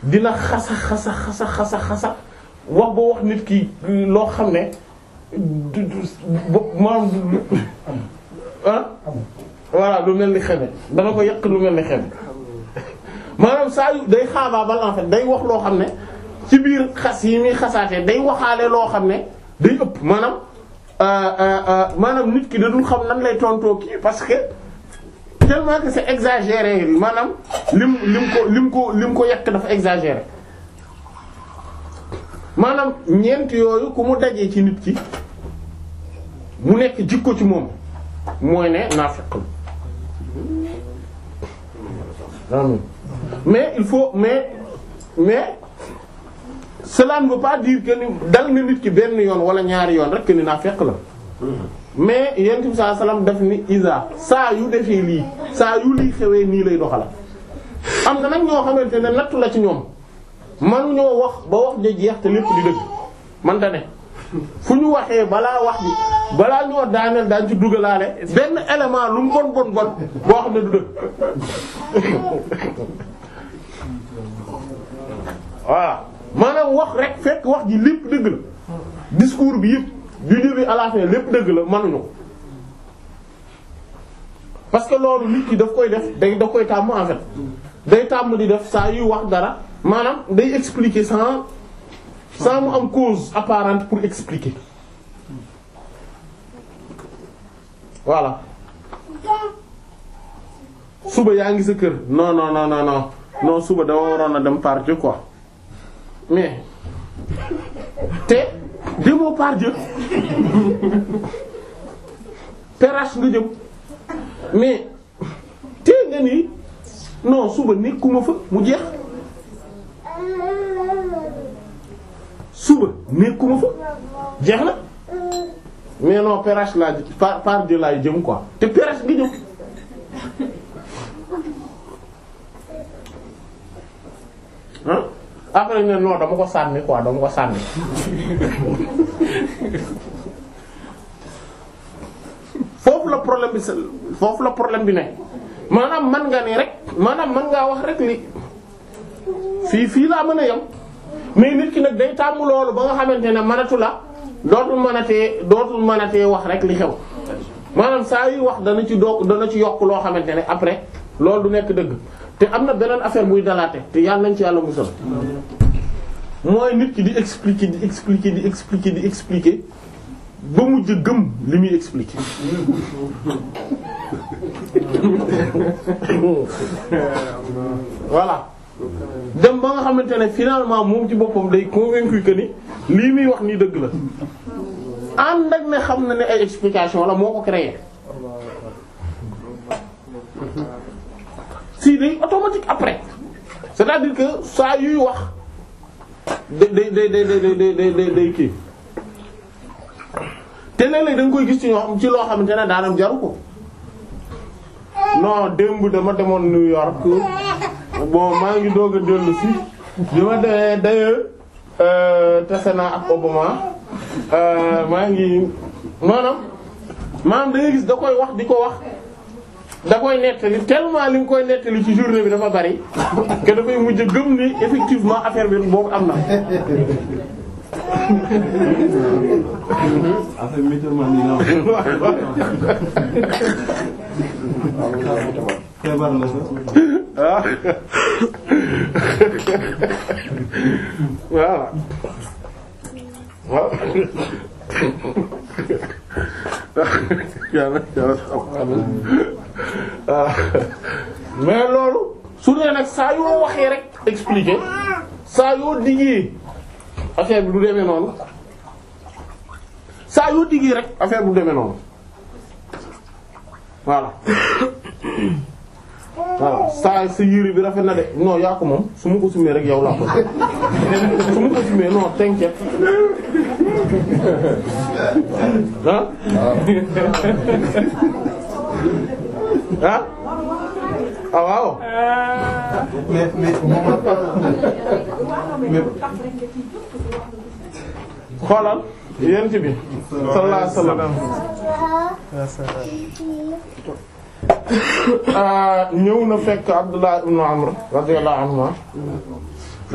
dina xasa xasa xasa xasa wax boo wax nit ki loo xam ne du ah voilà lu mel ni xeme dana ko yàq lu mel ni xeme maanaam saa yu day xaabaabal en fait day wax loo xam ne ci biir xas yi muy xasaatee day waxaale loo xam ne day ëpp maanaam euh, euh, euh, maanaam nit ki da dul xam nan lay tontoo kii parce que tellement que c'est exagéré maanaam lim lim ko lim ko lim ko yàq dafa exagéré maanaam ñeent yooyu ku mu dajee ci nit ki mu nekk jikko ci moom mooy ne naafiq la mais il faut mais mais cela ne veut pas dire que ni dal na nit ki benn yoon wala ñaari yoon rek que naa naafiq la mais yonent bi sallallahu alayhi wasallam daf ni isa saa yu defee lii saa yu lii xewee nii lay doxala am na nag ñoo xamante ne nattu la ci ñoom mënuñoo wax ba wax ja jeex te lépp di dëgg man da fu ñu waxee balaa wax bi balaa wax daaneel daañu ci dugalaale benn élément lu mu bon bon boo xam ne du dëgg voilà maanaam wax rek fekk wax ji lépp dëgg la discours bi yëpp du début à lépp dëgg la mënuñu ko parce que loolu nit ki daf koy def day daf koy tàmm en fait day tàmm di def saa yuy wax dara maanaam day expliquer sans. sans mu am cause apparente pour expliquer voilà suba yaa ngi sa kër non non non non non suba dama waroon a dem par Dieu quoi mais te demoo par Dieu nga jëm mais te nga ni non suba nekkuma fa mu jeex. suba nekkuma fa jeex na mais non pérage laa par par de laay jëm ko te pérage nga jëm ah après ne non dama ko sànni quoi dama ko sànni foofu la problème bi foofu la problème bi ne maanaam man nga ni rek maanaam man ngaa wax rek li fii fii laa mën a yem. mais nit ki nag day tàmm loolu ba nga xamante ne mënatu la dootul mënatee dootul mënatee wax rek li xew maanaam saa yi wax dana ci doog dana ci yokk loo xamante ne après loolu du nekk dëgg te am na beneen affaire buy dalaate te yàlla nañ ci yàlla musal mooy nit ki di expliquer di expliquer di expliquer di expliquer ba mujj gëm li muy expliquer voilà dem ba nga xamante ne finalement moom ci boppam day convaincu que ni lii muy wax nii dëgg la ànd ak ne xam na ne ay explication la moo ko créé si day automatique après cest à yuy wax day day kii te léeg koy gis ci ci loo xamante ne daanam jaru ko non démb dama demoon New York. bon maa ngi doog a dellu si bi ma demee d'ailleurs euh, tase naa ak Obama euh, maa ngi maanaam maanaam da ngay gis da koy wax di ko wax da koy nettali tellement li nga koy nettali ci journée bi dafa bari que dafay mujj gëm ni effectivement affaire bi boobu am na. feebar na ah waaw waaw yàlla yàlla ah. mais loolu su nee nag saa yoo waxee rek expliquer saa yoo digee affaire bi du demee noonu saa yoo digee rek affaire bu demee noonu voilà waaw saa sa yére bi rafet na de non yaa ko moom su ma ko rek yow laa ko su ma ko sumee non t'inquiète ah ah waaw. mais mais moom xoolal yent bi. sallallahu alayhi Ah, ñëw na fekk Abdullah ibn Amr radiyallahu anhu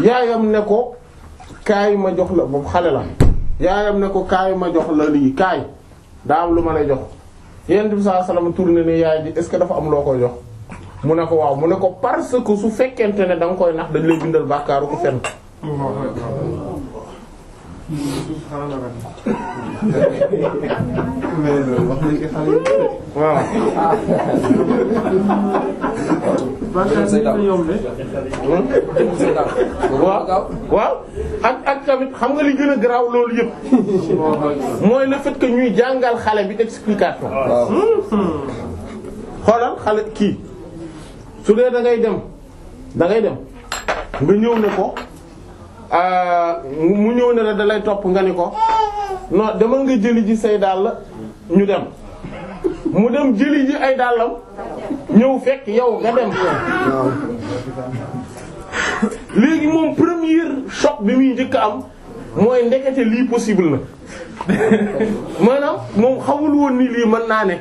yaayam ne ko kaay ma jox la boobu xale la yaayam ne ko kaay ma jox la lii kaay daa am lu ma lay jox yonent bi sallallahu alayhi wasallam tourné ne yaay ji est-ce que dafa am loo koy jox mu ne ko waaw mu ne ko parce que su fekkente ne da nga koy nax dañ lay bindal bàkkaaru ko fenn waaw. ak ak tamit xam nga li gën a loolu yëpp mooy le fait ñuy jàngal xale bi explication. Hmm. xoolal xale kii su dee da ngay dem da dem nga ñëw ne ko. mu ñëw ne la dalay topp nga ni ko non dama nga jëli ji say dàll ñu dem mu dem jëli ji ay dàllam ñëw fekk yow nga dem léegi moom premier choc bi muy njëkk am mooy ndekete lii possible na maanaam moom xamul woon ni lii mën naa ne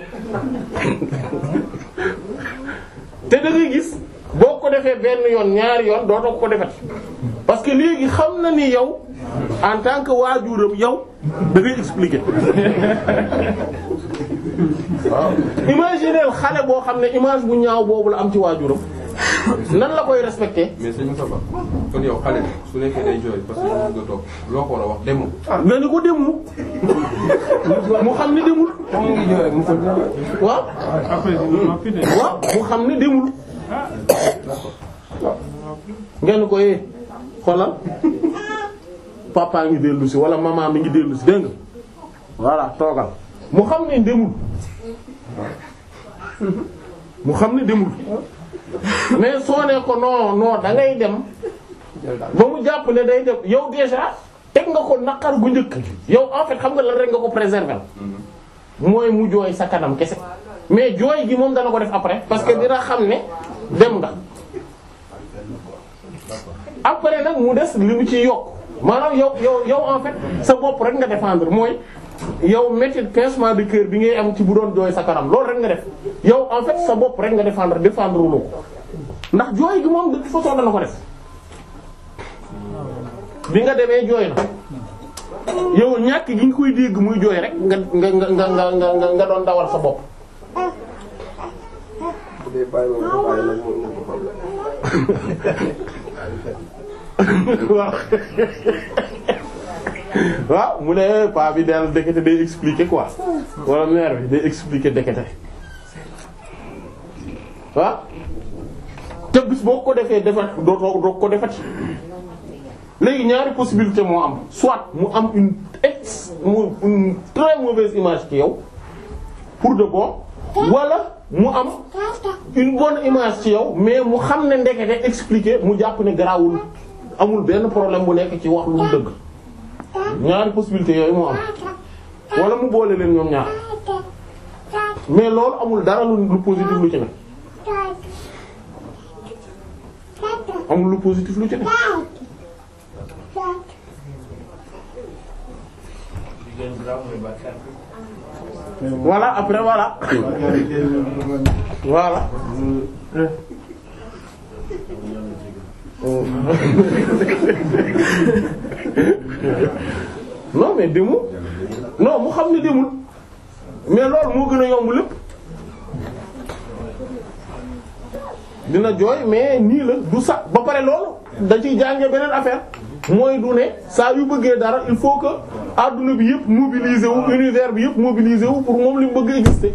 te da gis boo ko defee benn yoon ñaari yoon dootoo ko defat parce que léegi xam na ni yow en tant que waajuram yow da ngay expliquer xale boo xam ne image bu ñaaw boobu la am ci waajuram nan la koy respecté. mais sëñ Moussa Ba yow xale bi su nekkee day jooy parce que ñu ngi toog loo ko war wax demul. Ah, nga ni ko demul mu xam ne demul. waaw mu xam ne demul. ngeen ko yee eh, xoolal papa ngi dellu si wala maman mi ngi dellu si dégg nga voilà toogal mu xam ne demul mu xam ne demul mais soo ne ko non non da dem ba mu jàpp ne day dem yow déjà teg nga ko naqar gu njëkk yow en fait xam nga lan rek nga ko préserver mooy mu jooy sa kanam kese mais jooy gi moom dana ko def après parce que dina xam ne dem nga après nag mu des li mu ci yokk maanaam yow yow yow en fait sa bopp rek nga défendre mooy yow métit pincement de cœur bi ngay am ci bu doon jooy sa kanam loolu rek nga def yow en fait sa bopp rek nga défendre défendre loo ko ndax jooy gi moom de toute façon dana ko def bi nga demee jooy na yow ñàkk gi nga koy dégg muy jooy rek nga nga nga nga nga nga doon dawal sa bopp dee bàyyi waaw mu ne paa bi daal dekete day expliquer quoi wala mère bi day expliquer dekete waaw te bis boo ko defee defat dootoo doo ko defat léegi ñaari possibilité moo am soit mu am une ex mu une très mauvaise image ci yow pour de bon wala mu am une bonne image ci yow mais mu xam ne ndekete expliquer mu jàpp ne garaawul amul benn problème bu nekk ci wax lu dëgg ñaari possibilité yooyu mu am wala mu boole leen ñoom ñaar mais loolu amul dara lu positif lu ci ne amul lu positif lu ci ne. voilà après voilà. voilà. non mais demul non mu xam ne demul mais loolu moo gën a yomb lépp dina jooy mais nii la du sax ba pare loolu da ciy jànge beneen affaire. mooy du ne saa yu bëggee dara il faut que àdduna bi yëpp mobiliser univers bi yëpp mobiliser wu pour moom li mu bëgg exister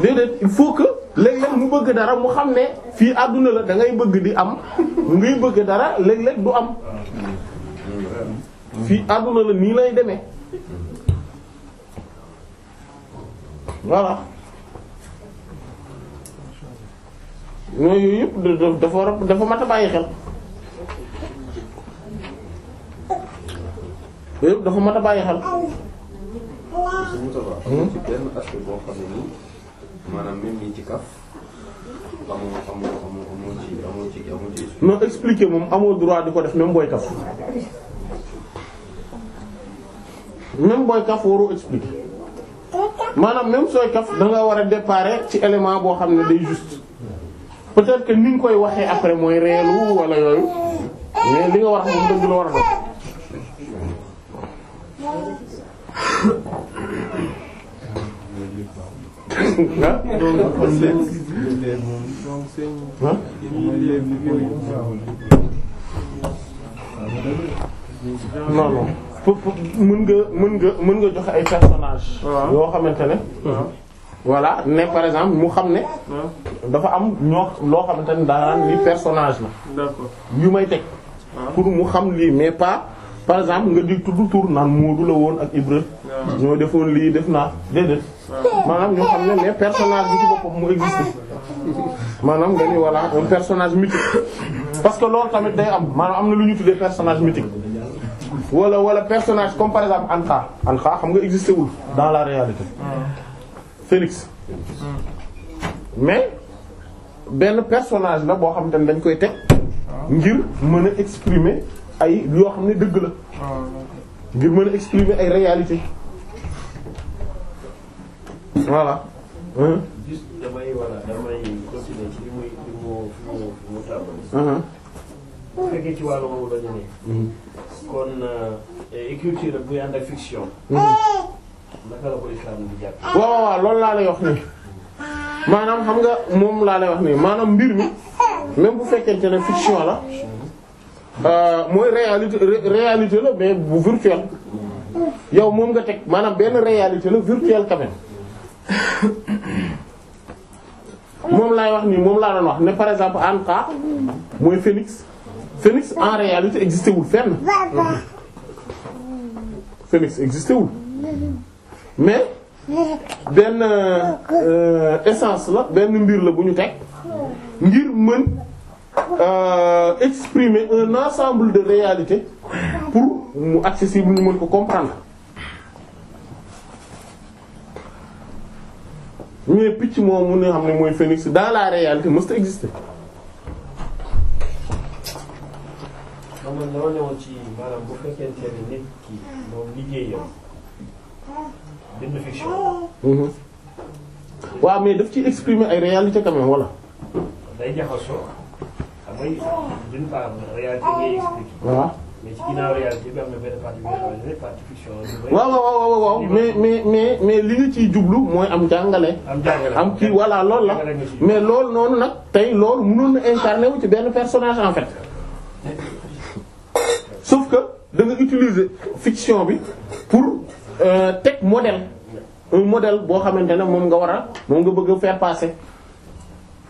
déedéet il faut que léeg-léeg mu bëgg dara mu xam ne fii àdduna la da bëgg di am ngay bëgg dara léeg-léeg du am fii adduna la nii lay deme voilà mooy yooyu yëpp dafa dafa xel. yëpp dafa mat a bàyyi xel. Hmm? ci benn maanaam même ñi ci kaf amoo amoo amoo ci amoo ci amoo moom amoo droit di ko def même booy kaf même booy kaf waroo expliquer maanaam même sooy kaf da nga war a déparer ci élément boo xam ne day juste peut-être que ni nga koy waxee après mooy reelu wala yooyu mais li nga war a xam moom dëgg la war a def. non non pour pour mën nga mën nga mën nga joxe ay personnages. yoo xamante ne. voilà ne par exemple mu xam ne. dafa am ñoo loo xamante ne daan li personnage la. d'accord may teg. pour mu xam lii mais pas. par exemple nga di tudd tur naan Moodu la woon ak Ibra ah. ñoo defoon lii def naa déedéet ah. maanaam ñoo xam ne ne personnage bi ci boppam mu existe maanaam nga ni voilà un personnage parce que loolu tamit day am maanaam am na lu ñu tuddee personnage mythique wala wala personnage comme par exemple Anta Anta xam nga existé wul dans la réalité ah. Félix hmm. mais benn personnage la boo xam te ne dañ koy teg ngir mën a exprimé ay yoo xam ne dëgg la ngir mën a exprimer ay réalité voilà juste ci li muy li mu fi mu fi loolu laa lay wax nii maanaam xam nga moom laa lay wax nii maanaam mbir mi même bu fekkente ne fiction la Euh, mooy réalité réalité la mais bu virtuel yow moom nga teg maanaam benn réalité la virtuel quand même moom laay wax nii moom laa doon wax ne par exemple Anqa mooy phénix phénix en réalité existé wul fenn phénix existé wul mais benn euh, essence la benn mbir la bu ñu teg ngir mën. euh, exprimer un de réalité pour mu accessible ñu mën ko comprendre mais picc moom mun na xam ne mooy phénix dans la réalité mës ta exister. xam nga dama newoon ci maanaam bu fekkente mhm. mais daf ci exprimer ay réalités quand même xam nga d'une part waaw mais waaw waaw waaw mais mais mais mais li nga ciy jublu mooy am jàngale. am jàngale am kii voilà loolu la. mais loolu noonu nag tey loolu mënoon na incarné wu ci benn personnage en fait. sauf que da nga fiction bi pour euh, teg modèle. model boo xamante ne moom nga war a moom nga bëgg a faire passer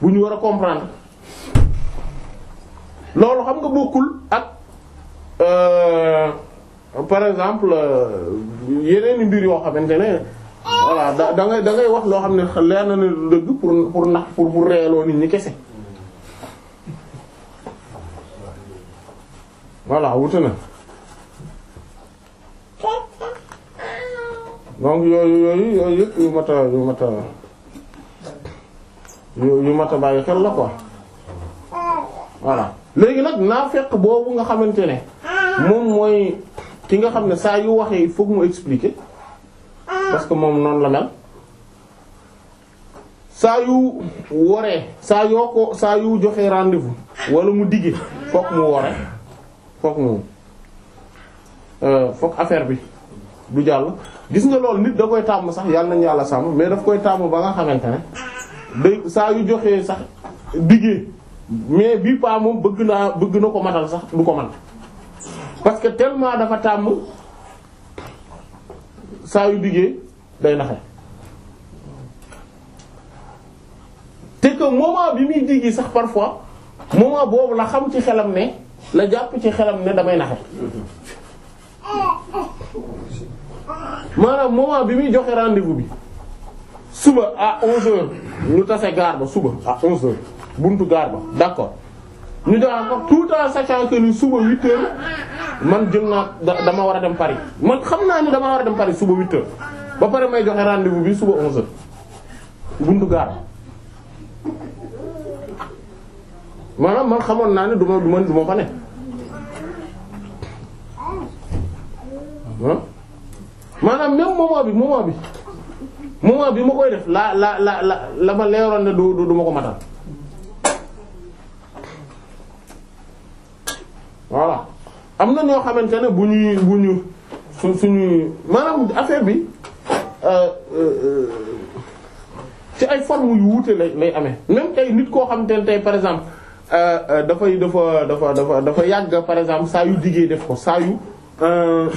bu ñu war a comprendre. loolu xam nga bokkul ak euh, par exemple euh, yeneen mbir yoo xamante ne voilà da da dangay wax loo xam ne leer na ne du dëgg pour nax pour mu reeloo nit ñi kese. voilà wute na donc yooyu yooyu yooyu yëpp yu mat yu mat yu mat bàyyi xel la quoi. voilà léegi nag naa naafeq boobu nga xamante ne ah. moom mooy ki nga xam ne saa yu waxee il faut mu expliquer ah. parce que moom noonu la mel saa yu woree saa yoo ko saa yu joxee rendez-vous wala mu diggee fook mu wore fokk mu euh, fokk affaire bi du jàll gis nga loolu nit da koy tàmm sax yàlla nañu yàlla sàmm mais daf koy tàmm ba nga xamante ne day saa yu joxee sax diggee mais bii paa moom bëgg naa bëgg na ko matal sax du ko man parce que tellement dafa tàmm saa yu diggee day naxe te que moment bi muy diggi sax parfois moment boobu la xam ci xelam ne la jàpp ci xelam ne damay naxe maanaam moment bi muy joxe rendez bi suba à 11h ñu tase gaar ba suba à 11h. buntu gaar ba d'accord ñu doon ko tout en sachant que ni suba huit man jël naa dama war a dem Paris man xam naa ni dama war a dem Paris suba huit ba pare may joxe rendez bi suba onze heures buntu gaar maanaam man xamoon naa ne du ma du ma du ma fa ne maanaam même moment bi moment bi moment bi ma koy def la la la la la ma leeroon ne du du ma ko matal. voilà am na ñoo xamante ne bu ñuy bu ñu su suñuy maanaam affaire bi euh, euh, euh, ci ay form yu wuute lay lay amee même tey nit koo xamante ne tey par exemple dafay dafa dafa dafa dafa yàgg par exemple saa yu diggee def ko saa yu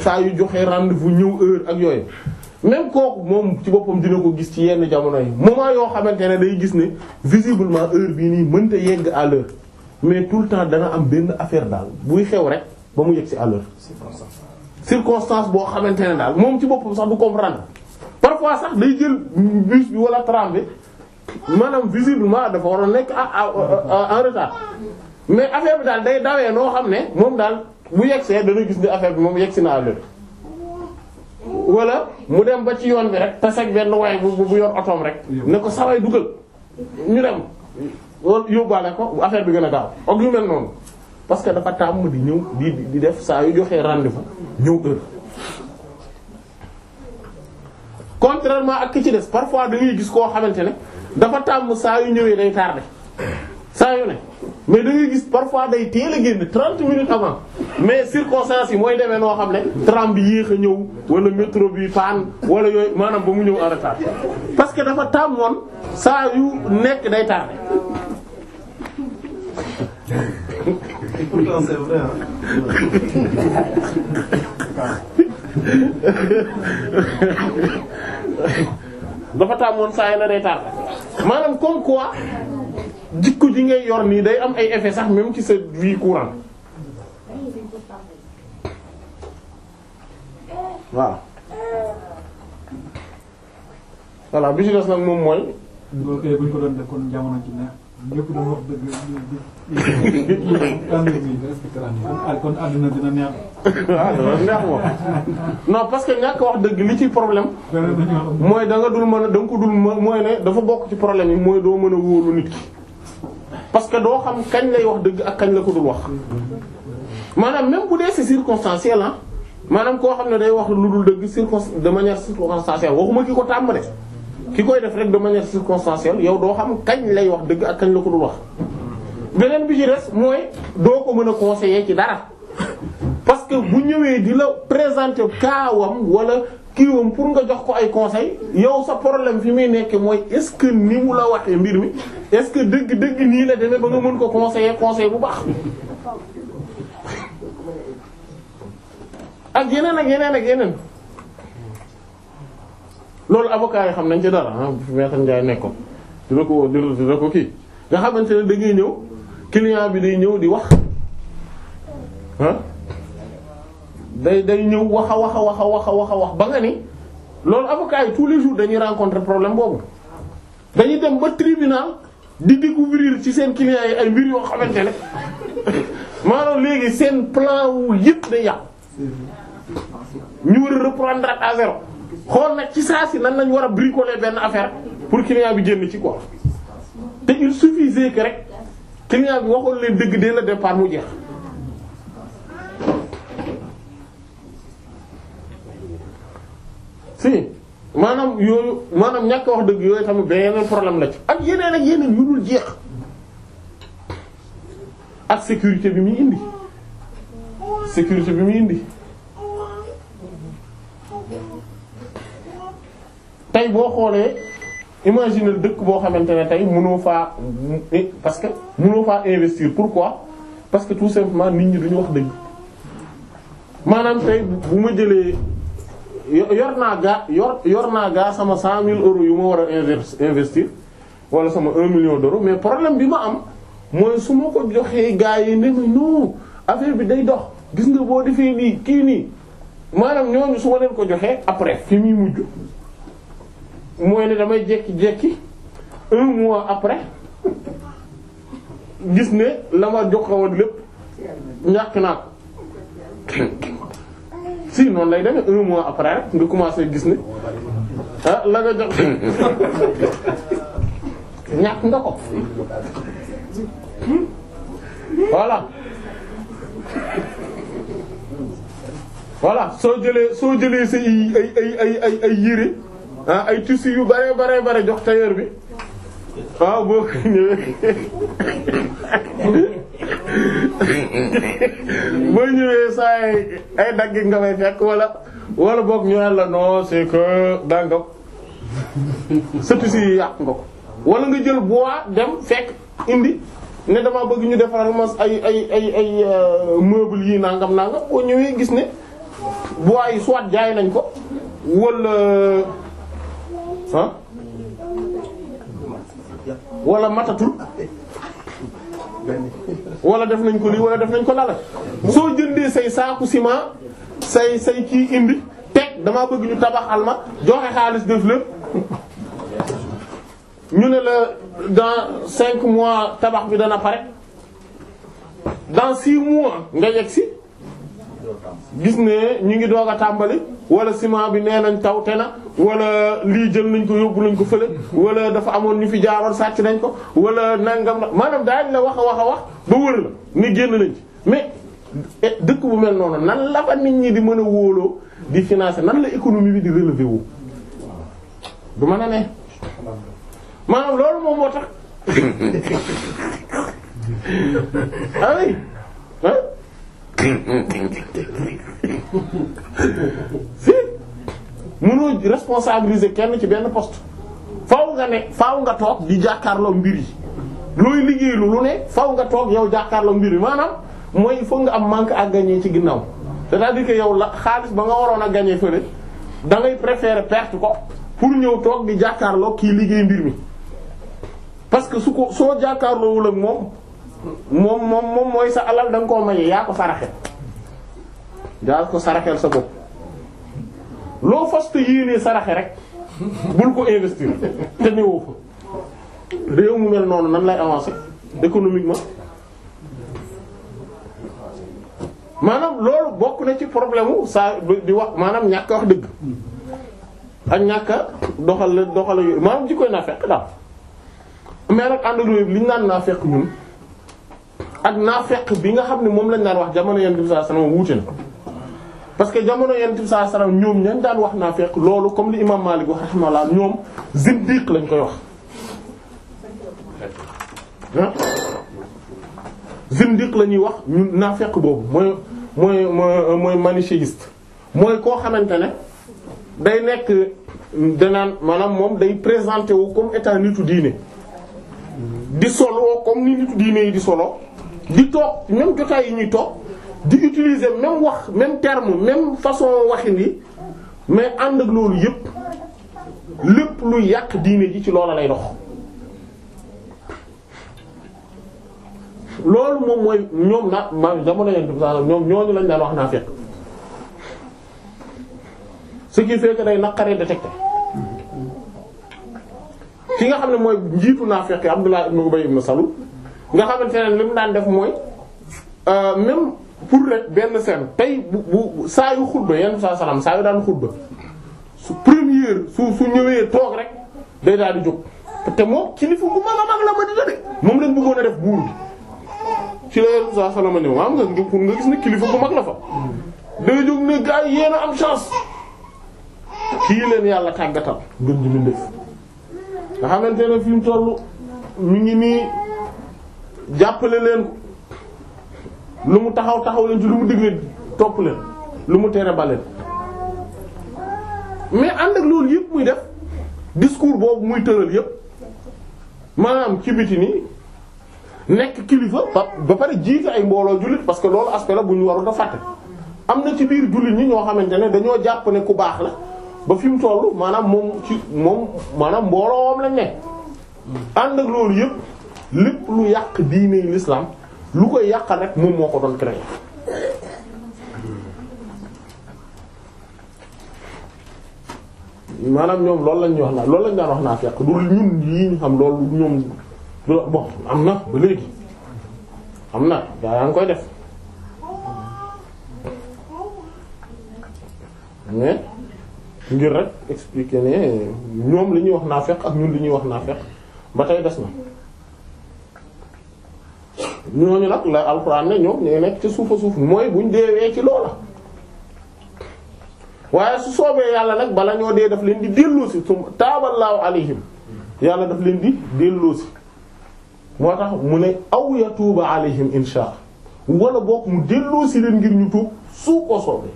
saa yu joxe rendez-vous ñëw heure ak yooyu même kooku moom ci boppam dina ko gis ci yenn jamono yi moment yoo xamante ne day gis ne visiblement heure bii nii mënta yegg à l'heure mais tout le temps dana am benn affaire daal buy xew rek ba mu yegg si à l'heure circonstance boo xamante ne daal moom ci boppam sax du comprendre parfois sax day jël bus bi wala tram bi maanaam visiblement dafa war a nekk en retard mais affaire bi daal day dawee noo xam ne moom daal bu yegsee dana gis ne affaire bi moom yegsi na à l'heure wala mu dem ba ci yoon bi rek taseeg benn waay bu bu yor otoom rek ne ko saway dugal ñu dem loolu yóbbaale ko affaire bi gën a gaaw ak yu mel noonu parce que dafa tàmm di ñëw di di def saa yu joxee rendez-vous ñëw heure contrairement ak ki ci des parfois da ngay gis koo xamante ne dafa tàmm saa yu ñëwee day tardé saa yu ne mais da ngay gis parfois day teel a génn 30 minutes avant mais circonstances yi mooy demee noo xam ne tram bi yéex a ñëw wala métro bi paan wala yooyu maanaam ba mu ñëw en retard parce que dafa tàmmoon saa yu nekk day tardé. dafa tàmmoon saa yi la day tar maanaam comme quoi jikko ji ngay yor nii day am ay effet sax même ci sa vie courante waaw voilà bi ci des nag moom mooy. loolu jamono ji ñëpp doon wax dëgg yëpp kon àdduna dina neex. waaw neex moom non parce ñàkk wax dëgg li ci problème. mooy da dul mën a da nga ko dul mooy ne dafa bokk ci problème yi mooy doo mën a wóolu nit ki. parce que doo xam kañ lay wax dëgg ak kañ la ko dul wax maanaam même bu dee c'est circonstanciel maanaam koo xam ne day wax lu dul dëgg circon de manière circonstancielle waxuma ki ko tàmbalee. ki koy def rek de manière circonstancielle yow doo xam kañ lay wax dëgg ak kañ la ko dul wax beneen bi ci res mooy doo ko mën a conseiller ci dara parce que bu ñëwee di la présenter kaawam wala kiiwam pour nga jox ko ay conseil yow sa problème fi muy nekk mooy est-ce que ni mu la waxee mbir mi est-ce que dëgg dëgg nii la demee ba nga mën ko conseiller conseil bu baax ak yeneen ak yeneen ak yeneen loolu avocat yi xam nañ ci dara ah Maître Ndiaye nekkoon dina ko dina ko kii nga xamante ne da ngay ñëw client bi day ñëw di wax ah, day day ñëw wax a wax a wax a wax a wax ba nga ni loolu avocat yi tous les jours dañuy rencontrer problème boobu dañuy dem ba tribunal di découvrir ci seen client yi ay mbir yoo xamante ne maanaam léegi seen plan wu yëpp day yàqu ñu war a reprendre à zéro xool nag ci saa si nan lañ war a bricoler benn affaire pour client bi génn ci ko te il suffisait que rek client bi waxoon leen dëgg dès le départ mu jeex. si maanaam yooyu maanaam ñàkk wax dëgg yooyu tamit beneen problème la ci ak yeneen ak yeneen yu dul jeex ak sécurité bi mu indi sécurité bi mu indi. tey boo xoolee imagine dëkk boo xamante ne tey mënoo faa eh, parce que mënoo faa investir pourquoi parce que tout simplement nit ñi duñu wax dëgg maanaam tey bu ma jëlee yor naa gaa yor yor naa gaa sama cent mille euros yu ma war a investir wala sama un million d'euros mais problème bi ma am mooy su ma ko joxee gaa yi ne ma non affaire bi day dox gis nga boo defee lii kii nii maanaam ñooñu su ma leen ko joxee après fi muy mujj. mooy ne damay jékki-jékki un mois après gis ne la ma joxewoon lépp ñàkk naa ko si noonu lay demee un mois après rek nga commencé gis ne ah la nga jox ñàkk nga ko voilà voilà soo jëlee soo jëlee si ay ay ay ay yére ah ay tissus yu bare bare bare jox tailleur bi waaw boo ko ñëwee boo ñëwee saa ay daggit nga fay fekk wala wala boog ñu la non c'est que danga sa tissu yi yàq nga ko wala nga jël bois dem fekk indi ne damaa bëgg ñu defaral ma ay ay ay ay euh, yi nangam nangam boo ñëwee gis ne bois yi soit jaay nañ ko wala. ah wala matatul wala def nañ ko lii wala def nañ ko lala soo jëndee say saaku ciment say say kii indi teg damaa bëgg ñu tabaxal ma joxe xaalis def lépp ñu ne la dans cinq mois tabax bi dana pare dans six mois nga yegg gis ne ñu ngi doog a tàmbali wala ciment bi nee nañ taw na wala lii jël nañ ko yóbbu nañ ko fële wala dafa amoon ñu fi jaaroon sàcc nañ ko wala nangam la maanaam daañu la wax a wax a wax ba wër la ni génn nañ ci mais eh, dëkk bu mel noonu nan la fa nit ñi di mën a wóoloo di financer nan la économie bi di relever wu. du mën a ne maanaam loolu moom moo tax ah si mënoo responsabiliser kenn ci benn poste faaw nga ne faaw nga toog di jàkkaarloo mbir yi looy liggéey lu ne faaw nga toog yow jàkkaarloo mbir yi maanaam mooy foog nga am manque ak gagner ci ginnaaw c'est-à-dire que yow la xaalis ba nga waroon a gagner fële da ngay perte ko pour ñëw toog di jàkkaarloo kii liggéey mbir mi parce que su ko soo ak moom. moom moom moom mooy sa alal da koo maye yaa ko saraxe yaa ko saraxeel sa bopp loo fas yéenee saraxe rek bul ko investir te néewoo fa réew mu mel noonu nan lay avancer économiquement maanaam loolu bokk na ci problème wu saa di wax maanaam ñàkk wax dëgg ak ñàkk doxal doxal yooyu maanaam ji koy naa fekk daal mais nag ànd ak yooyu li naan naa fekk ñun. ak naafeq bi nga xam ne moom lañ daan wax jamono yonent bi sallallahu alayhi wasallam wuute na parce que jamono yonent bi sallallahu alayhi wasallam ñoom ñañ daan wax naafeq loolu comme li imam Malik wax rahimahullah ñoom zindiq lañ koy wax zindiq la ñuy wax ñun naafeq boobu mooy mooy mooy mooy manichéiste mooy koo xamante ne day nekk danaan maanaam moom day présenter wu comme état nitu diine di solo comme ni nitu diine yi di solo di toog même jotaay yi ñuy toog di utiliser même wax même terme même façon waxin yi mais ànd ak loolu yépp lépp lu yàq diine ji ci loola lay dox. loolu moom mooy ñoom na ma jamono yëpp ñoom ñooñu lañ daan wax naa fekk ce qui fait que day naqaree détecté ki nga xam ne mooy njiitu naa fekk Abdullah ibn Ubay mu Salul nga xamante ne li mu daan def mooy euh, même pour rek benn seen tey bu bu saa yu xutba yenn saa salaam saa yu daan xutba su première su su ñëwee toog rek day daal di jóg te moom kilifa bu a moom lañ bëggoon a def buur bi ci la yenn saa salaam a ñëw am nga nga gis ne kilifa bu mag la fa day jóg ne gaa yi yéen am chance kii leen yàlla tàggatal gën ji mu nga xamante ne fi mu tollu mi ngi nii jàppale leen lu mu taxaw taxaw leen ci lu mu dig leen topp leen lu mu tere ba mais ànd ak loolu yëpp muy def discours boobu muy tëral yëpp maanaam ci biti nii nekk kilifa ba pare jiite ay mbooloo jullit parce que loolu aspect la bu ñu warul a fàtte. am na ci biir jullit ñi ñoo xamante ne dañoo jàpp ne ku baax la ba fi mu toll maanaam moom ci moom maanaam mbooloo lañ ne ànd ak loolu yëpp. lépp lu yàq diine l'islam lu koy yàqal rek moom moo ko doon créé maanaam ñoom loolu lañ ñu wax naa loolu lañ daan wax naa fekk du ñun yii ñu xam loolu ñoom bon am na ba léegi am na gaa yaa ngi koy def mais ngir rek expliquer ne ñoom li ñuy wax naa fekk ak ñun li ñuy wax naa fekk ba tey des na ñooñu nag la alxuraan ne ñoom ñooy nekk ci suufa suuf mooy buñ deewee ci loola waaye su soobee yàlla nag bala ñoo dee daf leen di delloosi su taaballaahu alayhim yàlla daf leen di delloosi moo tax mu ne aw yatuuba alayhim insha wala bokk mu delloosi leen ngir ñu tuub su ko soobee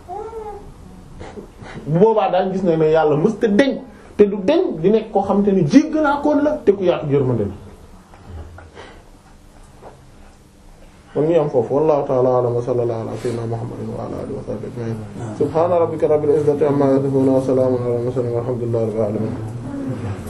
boobaa daal gis ne ne yàlla mës te deñ te du deñ di nekk koo xam te ne jéggalaakoon la te ku yaatu yërmande la kon ñu am foofu wallahu ta'ala a'lam wa sallallahu ala sayyidina muhammadin wa ala alihi wa sahbihi ajma'in subhana rabbika rabbil izzati amma yasifun wa salamun ala mursalin walhamdulillahi rabbil alamin